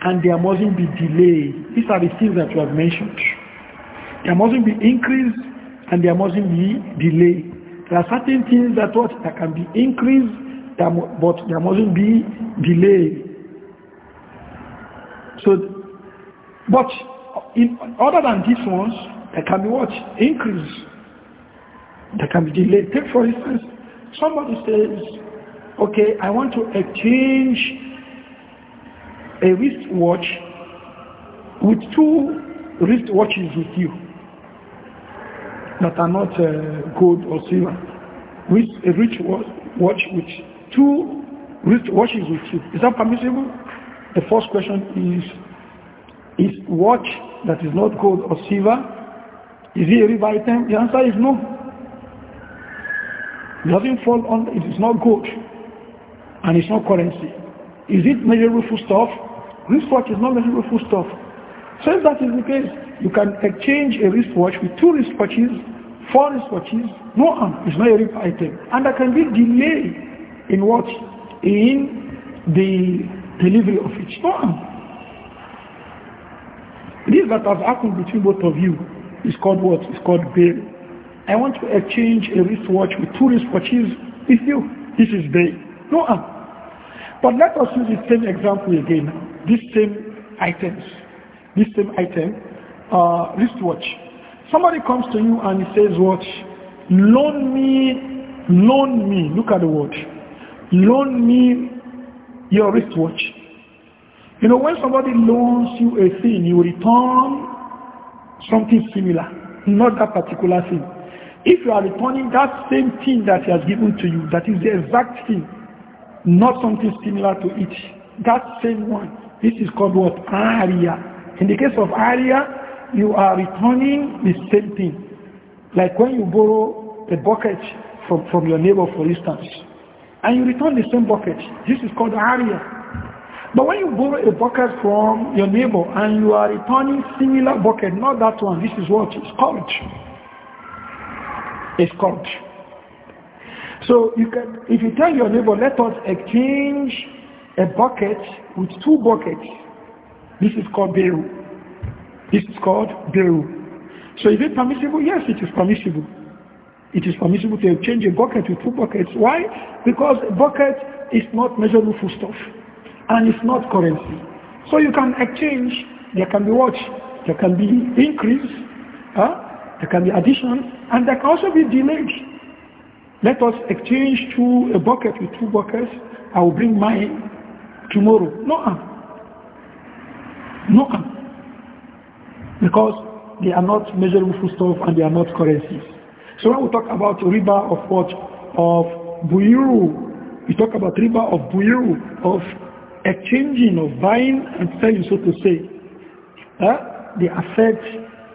and there mustn't be delay. These are the things that you have mentioned. There mustn't be increase and there mustn't be delay. There are certain things that what that can be increased, but there mustn't be delay. So, but in, other than these ones, there can be what? Increase. There can be delay. Take for instance, somebody says, okay, I want to exchange a wristwatch with two wristwatches with you that are not uh, gold or silver. With a rich watch with two wristwatches with you. Is that permissible? The first question is is watch that is not gold or silver, is it a riba item? The answer is no. It doesn't fall on, it is not gold and it's not currency. Is it measurable This Wristwatch is not measurable stuff. Since that is the case, you can exchange a wristwatch with two wristwatches, four wristwatches, no harm, it's not a rip item. And there can be delay in what? In the delivery of it, no This that has happened between both of you is called what? It's called bail. I want to exchange a wristwatch with two wristwatches with you. This is bail. No, uh. But let us use the same example again. These same items. This same item, uh, wristwatch. Somebody comes to you and he says what? Loan me, loan me, look at the word. Loan me your wristwatch. You know, when somebody loans you a thing, you return something similar, not that particular thing. If you are returning that same thing that he has given to you, that is the exact thing, not something similar to it, that same one, this is called what? Aria. In the case of Aria, you are returning the same thing. Like when you borrow a bucket from, from your neighbor, for instance, and you return the same bucket, this is called Aria. But when you borrow a bucket from your neighbor and you are returning similar bucket, not that one, this is what it's called. It's called. So you can, if you tell your neighbor, let us exchange a bucket with two buckets, this is called biru. This is called biru. So is it permissible? Yes, it is permissible. It is permissible to exchange a bucket with two buckets. Why? Because a bucket is not measurable foodstuff. stuff and it's not currency. So you can exchange, there can be what? There can be increase, huh? there can be addition, and there can also be delay. Let us exchange two, a bucket with two buckets, I will bring mine tomorrow. No, no, because they are not measurable foodstuff and they are not currencies. So when we talk about riba of what? Of buyuru. We talk about riba of buyuru, of exchanging of buying and selling, so to say, uh, they affect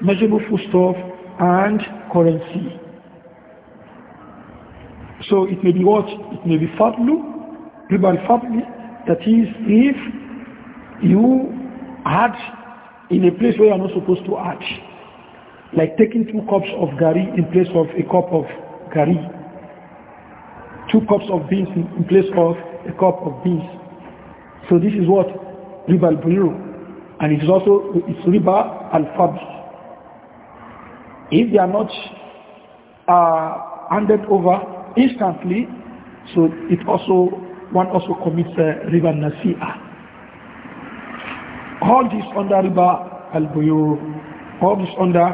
measurable foodstuff and currency. So it may be what? It may be fadlu, riba al-fadli, is if you add in a place where you are not supposed to add, like taking two cups of gari in place of a cup of gari, two cups of beans in place of a cup of beans, so this is what riba al-buyur and it is also it's riba al-fadl. If they are not uh, handed over instantly, so it also one also commits uh, riba nasi'ah. All this under riba al-buyur, all this under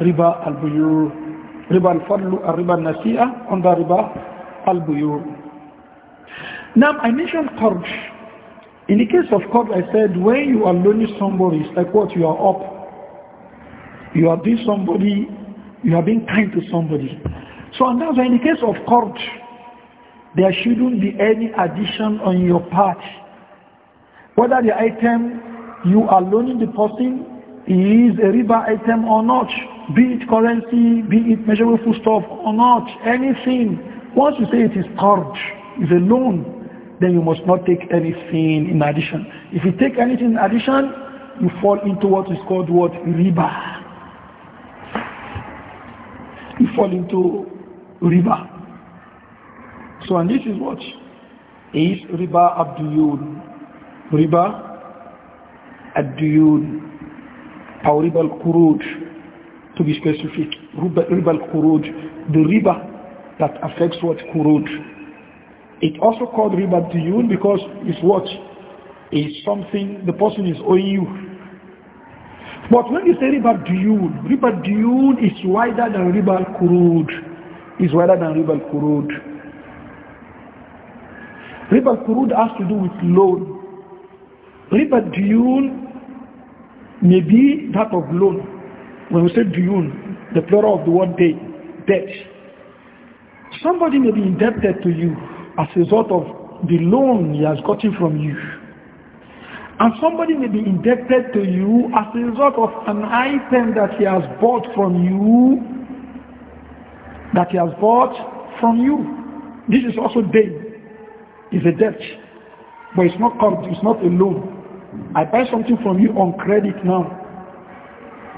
riba al-buyur, riba al-fadlu, uh, riba al-nasi'ah, under riba al-buyur. Now I mentioned qurj. In the case of court, I said, when you are loaning somebody, it's like what? You are up. You are doing somebody, you are being kind to somebody. So and that's why in the case of court, there shouldn't be any addition on your part. Whether the item you are loaning the person is a riba item or not, be it currency, be it measurable foodstuff or not, anything. Once you say it is qard, it's a loan, then you must not take anything in addition. If you take anything in addition, you fall into what is called what? Riba. You fall into riba. So and this is what is riba abduyun. Riba abduyun. Or riba al-kurud. To be specific. Riba al-kurud. The riba that affects what? Kurud. It also called riba to you because it's what? It's something the person is owing you. But when you say riba diyun, riba diyun is wider than riba kurud Is wider than riba kurud Riba kurud has to do with loan. Riba diyun may be that of loan. When we say diyun, the plural of the word debt. Somebody may be indebted to you as a result of the loan he has gotten from you. And somebody may be indebted to you as a result of an item that he has bought from you, that he has bought from you. This is also debt. It's a debt. But it's not it's not a loan. I buy something from you on credit now.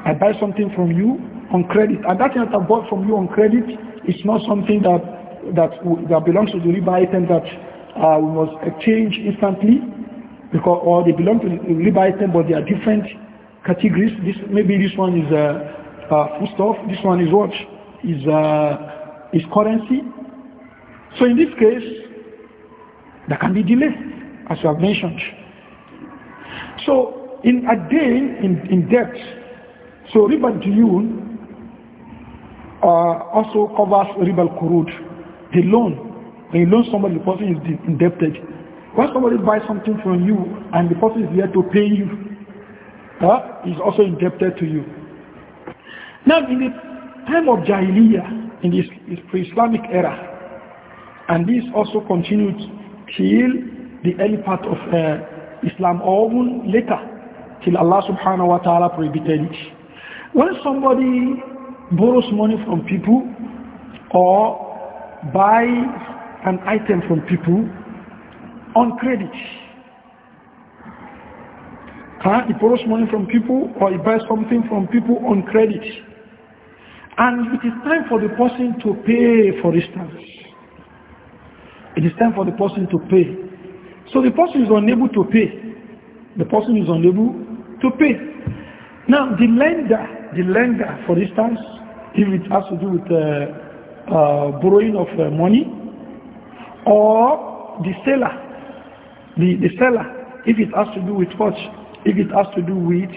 I buy something from you on credit. And that thing that I bought from you on credit is not something that that, that belongs to the riba item that uh, we must exchange instantly because or they belong to the riba item but they are different categories. This maybe this one is uh, uh, foodstuff, this one is what is uh, is currency. So in this case, there can be delay, as you have mentioned. So in a day in, in debt, so riba diyun uh, also covers riba al-kurud the loan. When you loan somebody, the person is indebted. When somebody buys something from you and the person is there to pay you, he is also indebted to you. Now, in the time of Jahiliyyah, in this pre-Islamic era, and this also continued till the early part of uh, Islam, or even later, till Allah subhanahu wa ta'ala prohibited it. When somebody borrows money from people, or buy an item from people on credit. Huh? He borrows money from people or he buys something from people on credit. And it is time for the person to pay, for instance. It is time for the person to pay. So the person is unable to pay. The person is unable to pay. Now the lender, the lender, for instance, if it has to do with uh, Uh, borrowing of uh, money or the seller, the, the seller, if it has to do with what, if it has to do with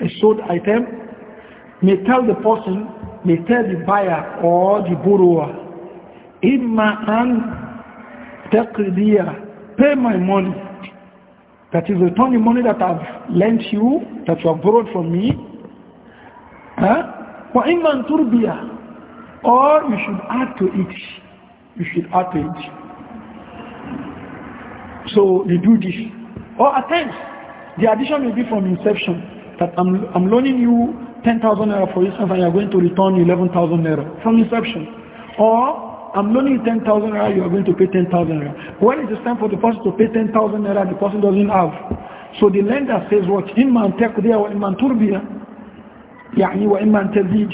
a sold item, may tell the person, may tell the buyer or the borrower, in my hand, take the year, pay my money. That is return the money that I've lent you, that you have borrowed from me. Huh? For in an turbia. or you should add to it. You should add to it. So you do this. Or at times, the addition will be from inception that I'm, I'm loaning you 10,000 naira for instance and you are going to return 11,000 naira from inception. Or I'm loaning you 10,000 naira, you are going to pay 10,000 naira. When it is time for the person to pay 10,000 naira, the person doesn't have. So the lender says what? in إِمَّا أَن in وَإِمَّا أَن تُرْبِيَ يعني in أن تزيد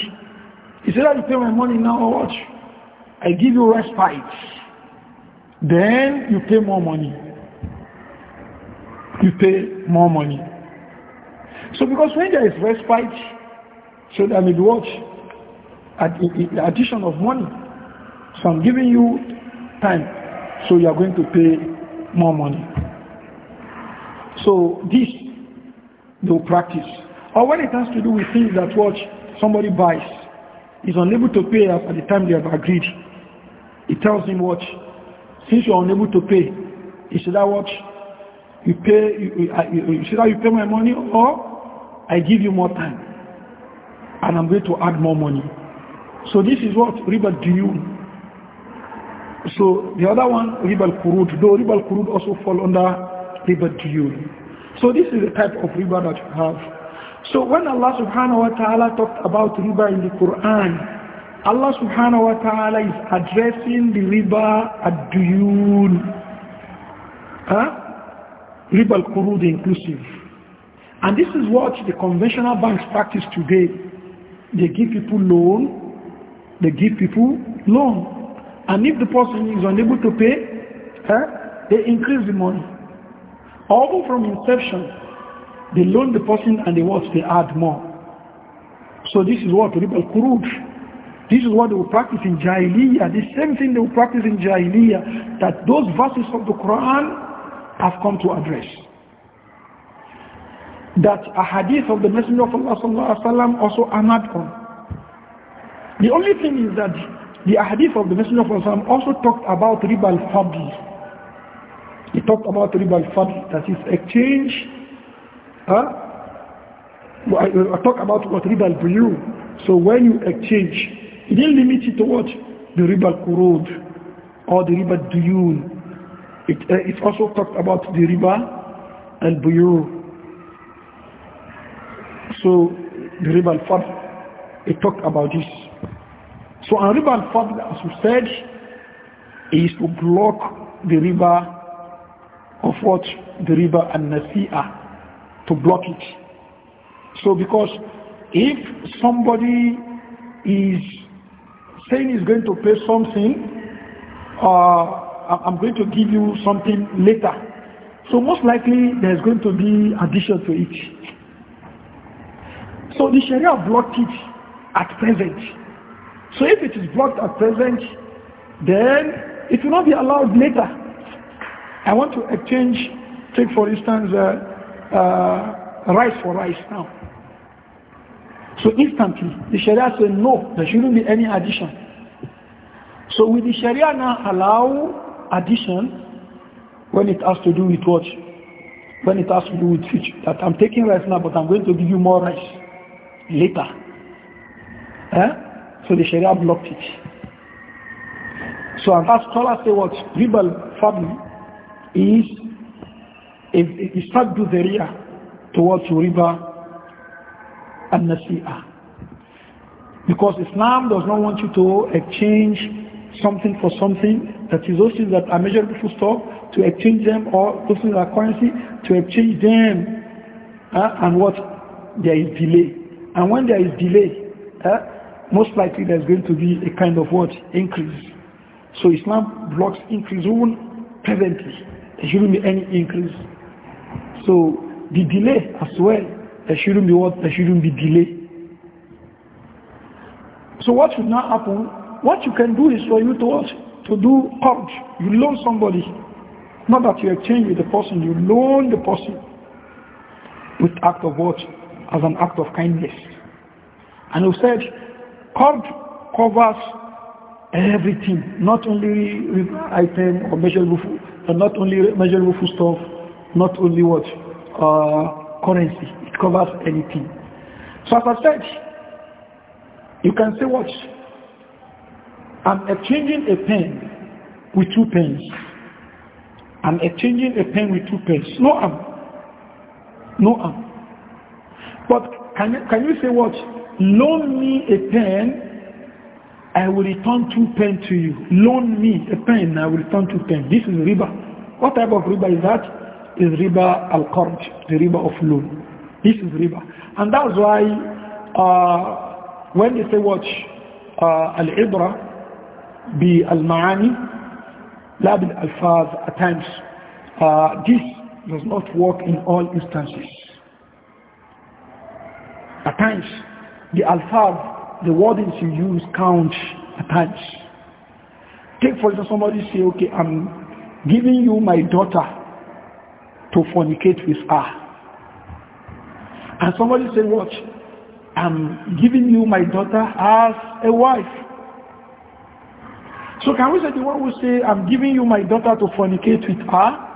he said, I pay my money now Watch, I give you respite. Then you pay more money. You pay more money. So because when there is respite, so that may watch, what? Addition of money. So I'm giving you time. So you are going to pay more money. So this they'll practice. Or when it has to do with things that watch somebody buys is unable to pay us at the time they have agreed, he tells him what? Since you are unable to pay, he said, I You pay, you, you, you, I you pay my money or I give you more time and I'm going to add more money. So this is what riba diyun. So the other one, riba kurud. Though riba kurud also fall under riba diyun. So this is the type of riba that you have. So when Allah subhanahu wa ta'ala talked about riba in the Quran, Allah subhanahu wa ta'ala is addressing the riba ad duyun. Huh? Riba al-Qurud inclusive. And this is what the conventional banks practice today. They give people loan, they give people loan. And if the person is unable to pay, huh, they increase the money. Although from inception, they loan the person and they want to add more. So this is what ribal al-kuruj. This is what they will practice in Jahiliyyah. The same thing they will practice in Jahiliyyah that those verses of the Quran have come to address. That a hadith of the Messenger of Allah sallallahu alaihi wasallam also amad on. The only thing is that the hadith of the Messenger of Allah also talked about ribal al-fadl. He talked about ribal al-fadl, that is exchange Huh? I, I talk about what riba al-buyur. So when you exchange, it is didn't limit it to what? The riba al or the riba al-duyun. It, uh, it also talked about the riba al-buyur. So the riba al-fadl, it talked about this. So a riba al-fadl, as we said, is to block the riba of what? The riba al-nasi'ah to block it. So because if somebody is saying he's going to pay something, uh, I'm going to give you something later. So most likely there's going to be addition to it. So the Sharia blocked it at present. So if it is blocked at present, then it will not be allowed later. I want to exchange, take for instance, uh, uh, rice for rice now. So instantly, the Sharia said no, there shouldn't be any addition. So will the Sharia now allow addition when it has to do with what? When it has to do with fish. That I'm taking rice now, but I'm going to give you more rice later. Eh? So the Sharia blocked it. So and that scholar say what? Tribal family is if you start do rear towards riba and nasi'ah. Because Islam does not want you to exchange something for something, that is those things that are measurable foodstuff, to exchange them, or those things that are currency, to exchange them, uh, and what? There is delay. And when there is delay, uh, most likely there's going to be a kind of what? Increase. So Islam blocks increase even presently. There shouldn't be any increase. So the delay as well, there shouldn't be what there shouldn't be delay. So what should not happen? What you can do is for you to what? To do urge. You loan somebody. Not that you exchange with the person, you loan the person with act of what? As an act of kindness. And you said, Qard covers everything, not only item or measurable food, but not only measurable stuff not only what uh, currency, it covers anything. So as I said, you can say what? I'm exchanging a pen with two pens. I'm exchanging a pen with two pens. No, I'm. No, I'm. But can you, can you say what? Loan me a pen, I will return two pens to you. Loan me a pen, I will return two pens. This is riba. What type of riba is that? is riba al-qard, the riba of loan. This is riba. And that's why uh, when they say watch uh, al-ibra bi al-ma'ani, la bil al-faz at times, uh, this does not work in all instances. At times, the alfaz, the wordings you use count at times. Take for example, somebody say, okay, I'm giving you my daughter to fornicate with her. And somebody said, watch, I'm giving you my daughter as a wife. So can we say the one who say, I'm giving you my daughter to fornicate with her?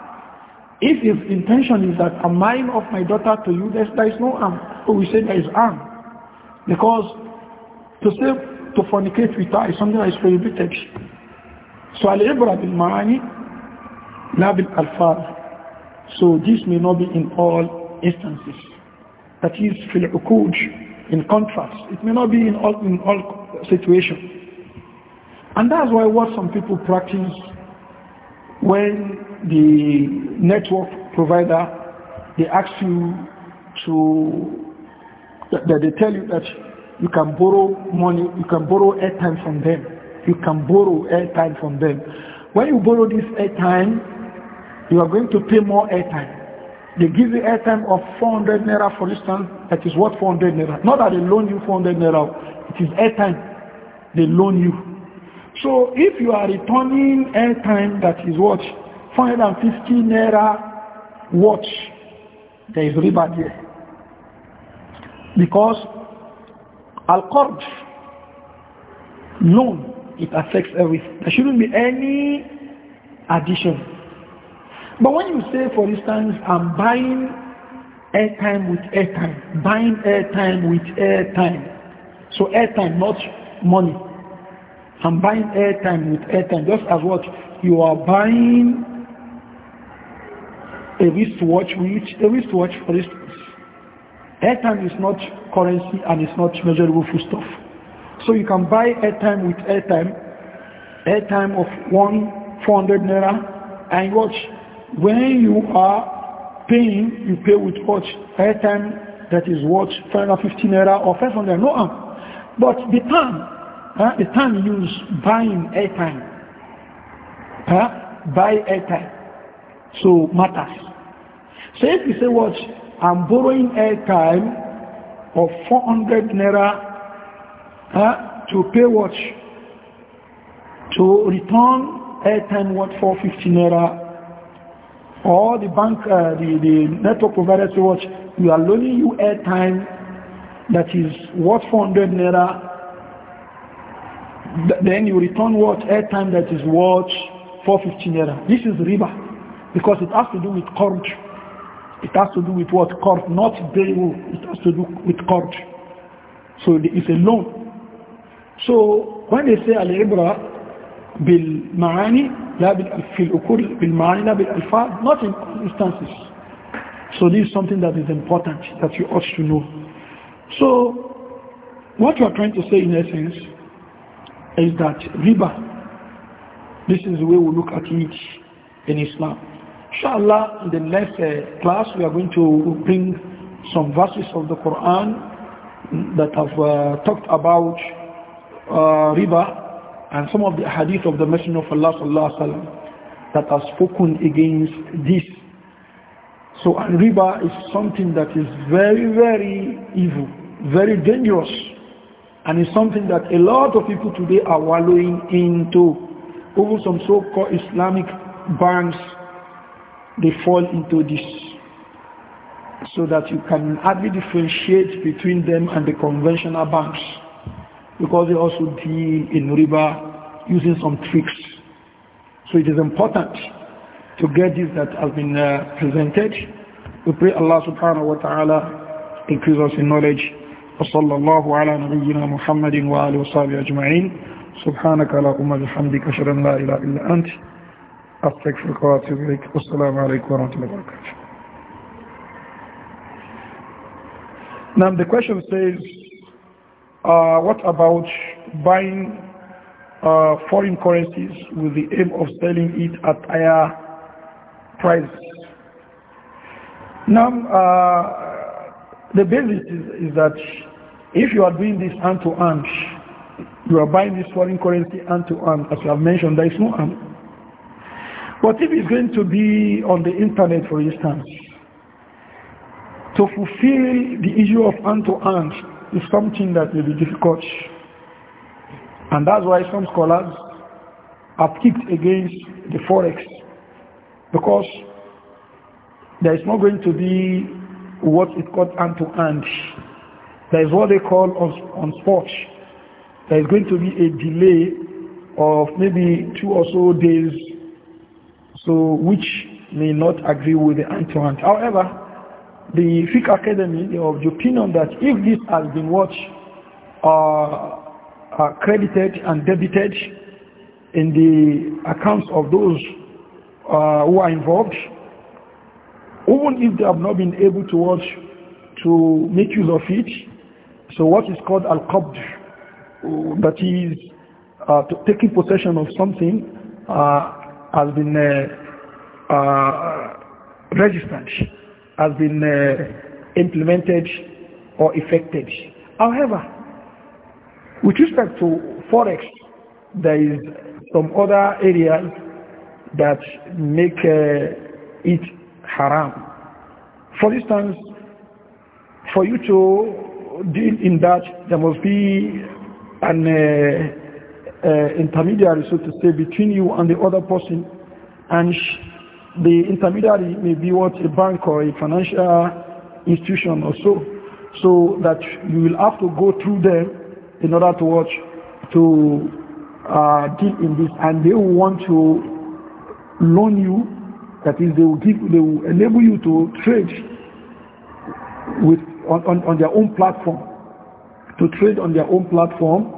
If his intention is that I'm mine of my daughter to you, there is no harm. But we say there is harm. Because to say to fornicate with her is something that is prohibited. So al-ibra bil-ma'ani, la bil-alfaz. So this may not be in all instances. That is, fil uquj, in contrast. It may not be in all, in all situations. And that's why what some people practice when the network provider, they ask you to, that they tell you that you can borrow money, you can borrow airtime from them. You can borrow airtime from them. When you borrow this airtime, you are going to pay more airtime. They give you airtime of 400 naira, for instance, that is worth 400 naira. Not that they loan you 400 naira, it is airtime they loan you. So if you are returning airtime that is what? 450 naira watch, there is riba there. Because Al-Qurj, loan, it affects everything. There shouldn't be any addition But when you say, for instance, I'm buying airtime with airtime, buying airtime with airtime, so airtime, not money. I'm buying airtime with airtime, just as what you are buying a wristwatch with a wristwatch, for instance. Airtime is not currency and it's not measurable foodstuff. So you can buy airtime with airtime, airtime of one 400 naira, and watch when you are paying, you pay with what? Airtime that is watch 550 naira or 500 no uh, But the time, uh, the time used buying airtime, uh, buy airtime, so matters. So if you say watch, I'm borrowing airtime of 400 naira uh, to pay watch, To return airtime what 450 naira or the bank, uh, the, the network provider to watch, we are loaning you airtime that is worth 400 naira, then you return what airtime that is worth 450 naira. This is riba because it has to do with court. It has to do with what court, not bail. It has to do with court. So it's a loan. So when they say al-ibra, بالمعاني لا في الأكل بالمعاني لا بالألفاظ not in instances so this is something that is important that you ought to know so what you are trying to say in essence is that riba this is the way we look at it in Islam inshallah in the next uh, class we are going to bring some verses of the Quran that have uh, talked about uh, riba and some of the hadith of the Messenger of Allah sallallahu alaihi that are spoken against this. So riba is something that is very, very evil, very dangerous, and is something that a lot of people today are wallowing into. Over some so-called Islamic banks, they fall into this. So that you can hardly differentiate between them and the conventional banks because they also deal in riba using some tricks. So it is important to get this that has been uh, presented. We pray Allah subhanahu wa ta'ala increase us in knowledge. وصلى الله على نبينا محمد وآله وصحبه أجمعين سبحانك اللهم بحمدك أشهد أن لا إله إلا أنت أستغفرك وأتوب إليك والسلام عليكم ورحمة الله وبركاته Now the question says uh, what about buying uh, foreign currencies with the aim of selling it at higher prices? Now, uh, the basis is, is, that if you are doing this hand to hand, you are buying this foreign currency hand to hand, as you have mentioned, there is no harm. But if it's going to be on the internet, for instance, to fulfill the issue of hand to hand, is something that may be difficult. And that's why some scholars have kicked against the forex because there is not going to be what is called hand to hand. There is what they call on, on spot. There is going to be a delay of maybe two or so days, so which may not agree with the hand to hand. However, the Fiqh Academy of the opinion that if this has been watched, uh, uh, credited and debited in the accounts of those uh, who are involved, even if they have not been able to watch to make use of it, so what is called al-qabd, uh, that is uh, taking possession of something uh, has been uh, registered has been uh, implemented or effected. However, with respect to forex, there is some other areas that make uh, it haram. For instance, for you to deal in that, there must be an uh, uh, intermediary, so to say, between you and the other person, and the intermediary may be what a bank or a financial institution or so, so that you will have to go through them in order to watch to uh, deal in this, and they will want to loan you. That is, they will give, they will enable you to trade with on, on, on their own platform, to trade on their own platform,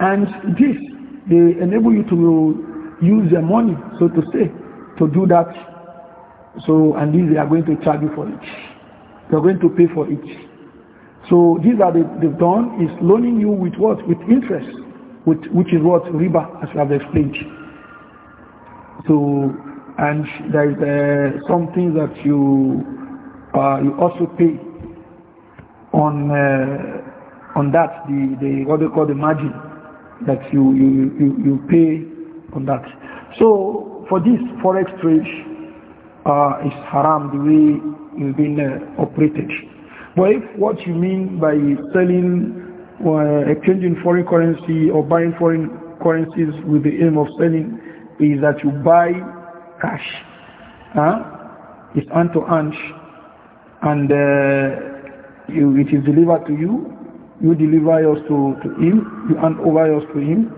and this they enable you to use their money, so to say to do that. So, and these they are going to charge you for it. They are going to pay for it. So these are the, they've done is loaning you with what? With interest, with, which is what? Riba, as I have explained. So, and there is uh, something that you, uh, you also pay on, uh, on that, the, the, what they call the margin that you, you, you, you pay on that. So for this forex trade uh, is haram the way it's been uh, operated. But if what you mean by selling or uh, exchanging foreign currency or buying foreign currencies with the aim of selling is that you buy cash, huh? it's hand to hand, and uh, you, it is delivered to you. You deliver yours to, to him, you hand over yours to him.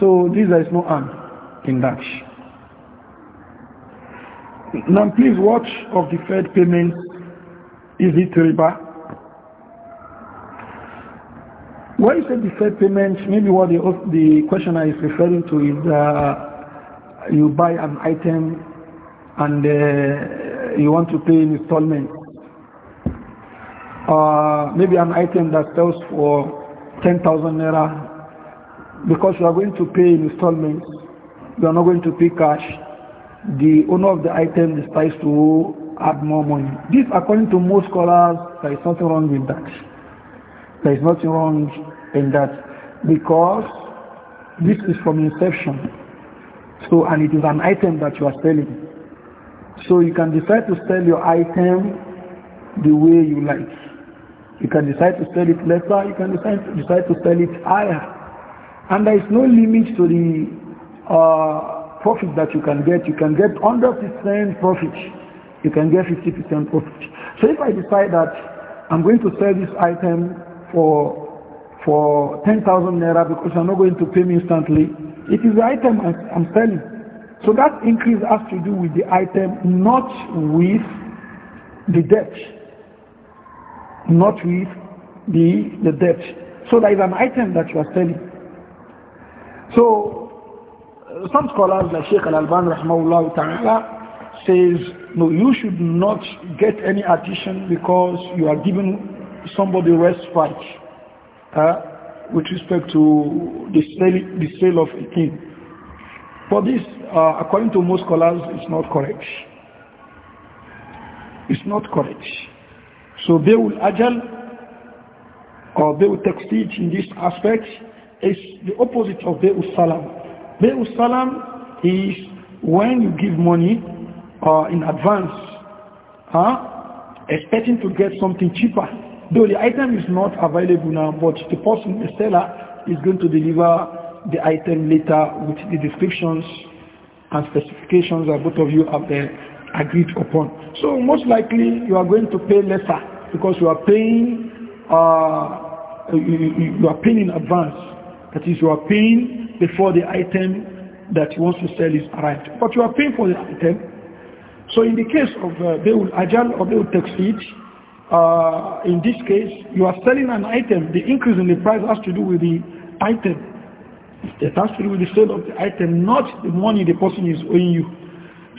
So this there is no harm in that. Now please watch of deferred payments. Is it riba? When you say deferred payments, maybe what the, the questioner is referring to is uh, you buy an item and uh, you want to pay in installment. Uh, maybe an item that sells for 10,000 naira because you are going to pay in installments. You are not going to pay cash the owner of the item decides to add more money. This, according to most scholars, there is nothing wrong with that. There is nothing wrong in that because this is from inception. So, and it is an item that you are selling. So you can decide to sell your item the way you like. You can decide to sell it lesser, you can decide to, decide to sell it higher. And there is no limit to the uh, profit that you can get. You can get 100% profit. You can get 50% profit. So if I decide that I'm going to sell this item for for 10,000 naira because I'm not going to pay me instantly, it is the item I'm selling. So that increase has to do with the item, not with the debt. Not with the, the debt. So there is an item that you are selling. So some scholars like Sheikh Al-Alban rahmahullah ta'ala says, no, you should not get any addition because you are giving somebody respite uh, with respect to the sale, the sale of a king. For this, uh, according to most scholars, it's not correct. It's not correct. So they will ajal or they will Taqsid in this aspect is the opposite of Be'ul Salam. Bay'us Salam is when you give money uh, in advance, huh? expecting to get something cheaper. Though the item is not available now, but the person, the seller, is going to deliver the item later with the descriptions and specifications that both of you have uh, agreed upon. So most likely you are going to pay lesser because you are paying uh, you, you, are paying in advance. That is, you are paying before the item that he wants to sell is arrived. But you are paying for the item. So in the case of uh, Beul Ajal or Beul tax uh, in this case, you are selling an item. The increase in the price has to do with the item. It has to do with the sale of the item, not the money the person is owing you.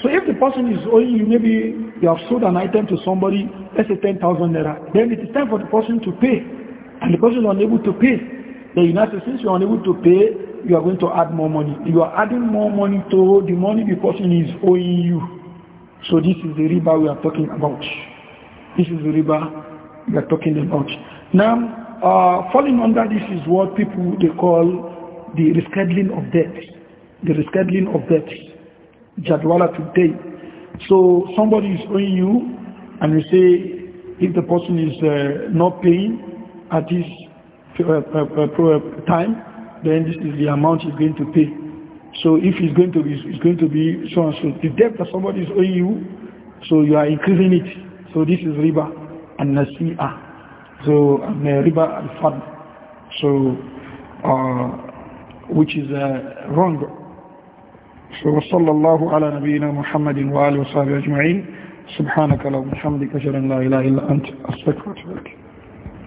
So if the person is owing you, maybe you have sold an item to somebody, let's say 10,000 naira, then it is time for the person to pay. And the person is unable to pay. The United States, you're unable to pay, you are going to add more money. You are adding more money to the money the person is owing you. So this is the riba we are talking about. This is the riba we are talking about. Now, uh, falling under this is what people, they call the rescheduling of debt. The rescheduling of debt. Jadwala today. So somebody is owing you and you say, if the person is uh, not paying at this uh, uh, uh, time, then this is the amount he's going to pay. So if he's going to be, it's going to be so and so. The debt that somebody is owing you, so you are increasing it. So this is riba and nasi'ah. So and, uh, riba and fad. So, uh, which is uh, wrong. So وصلى الله على نبينا محمد وآله وصحبه أجمعين سبحانك اللهم وبحمدك أشهد أن لا إله إلا أنت أستغفرك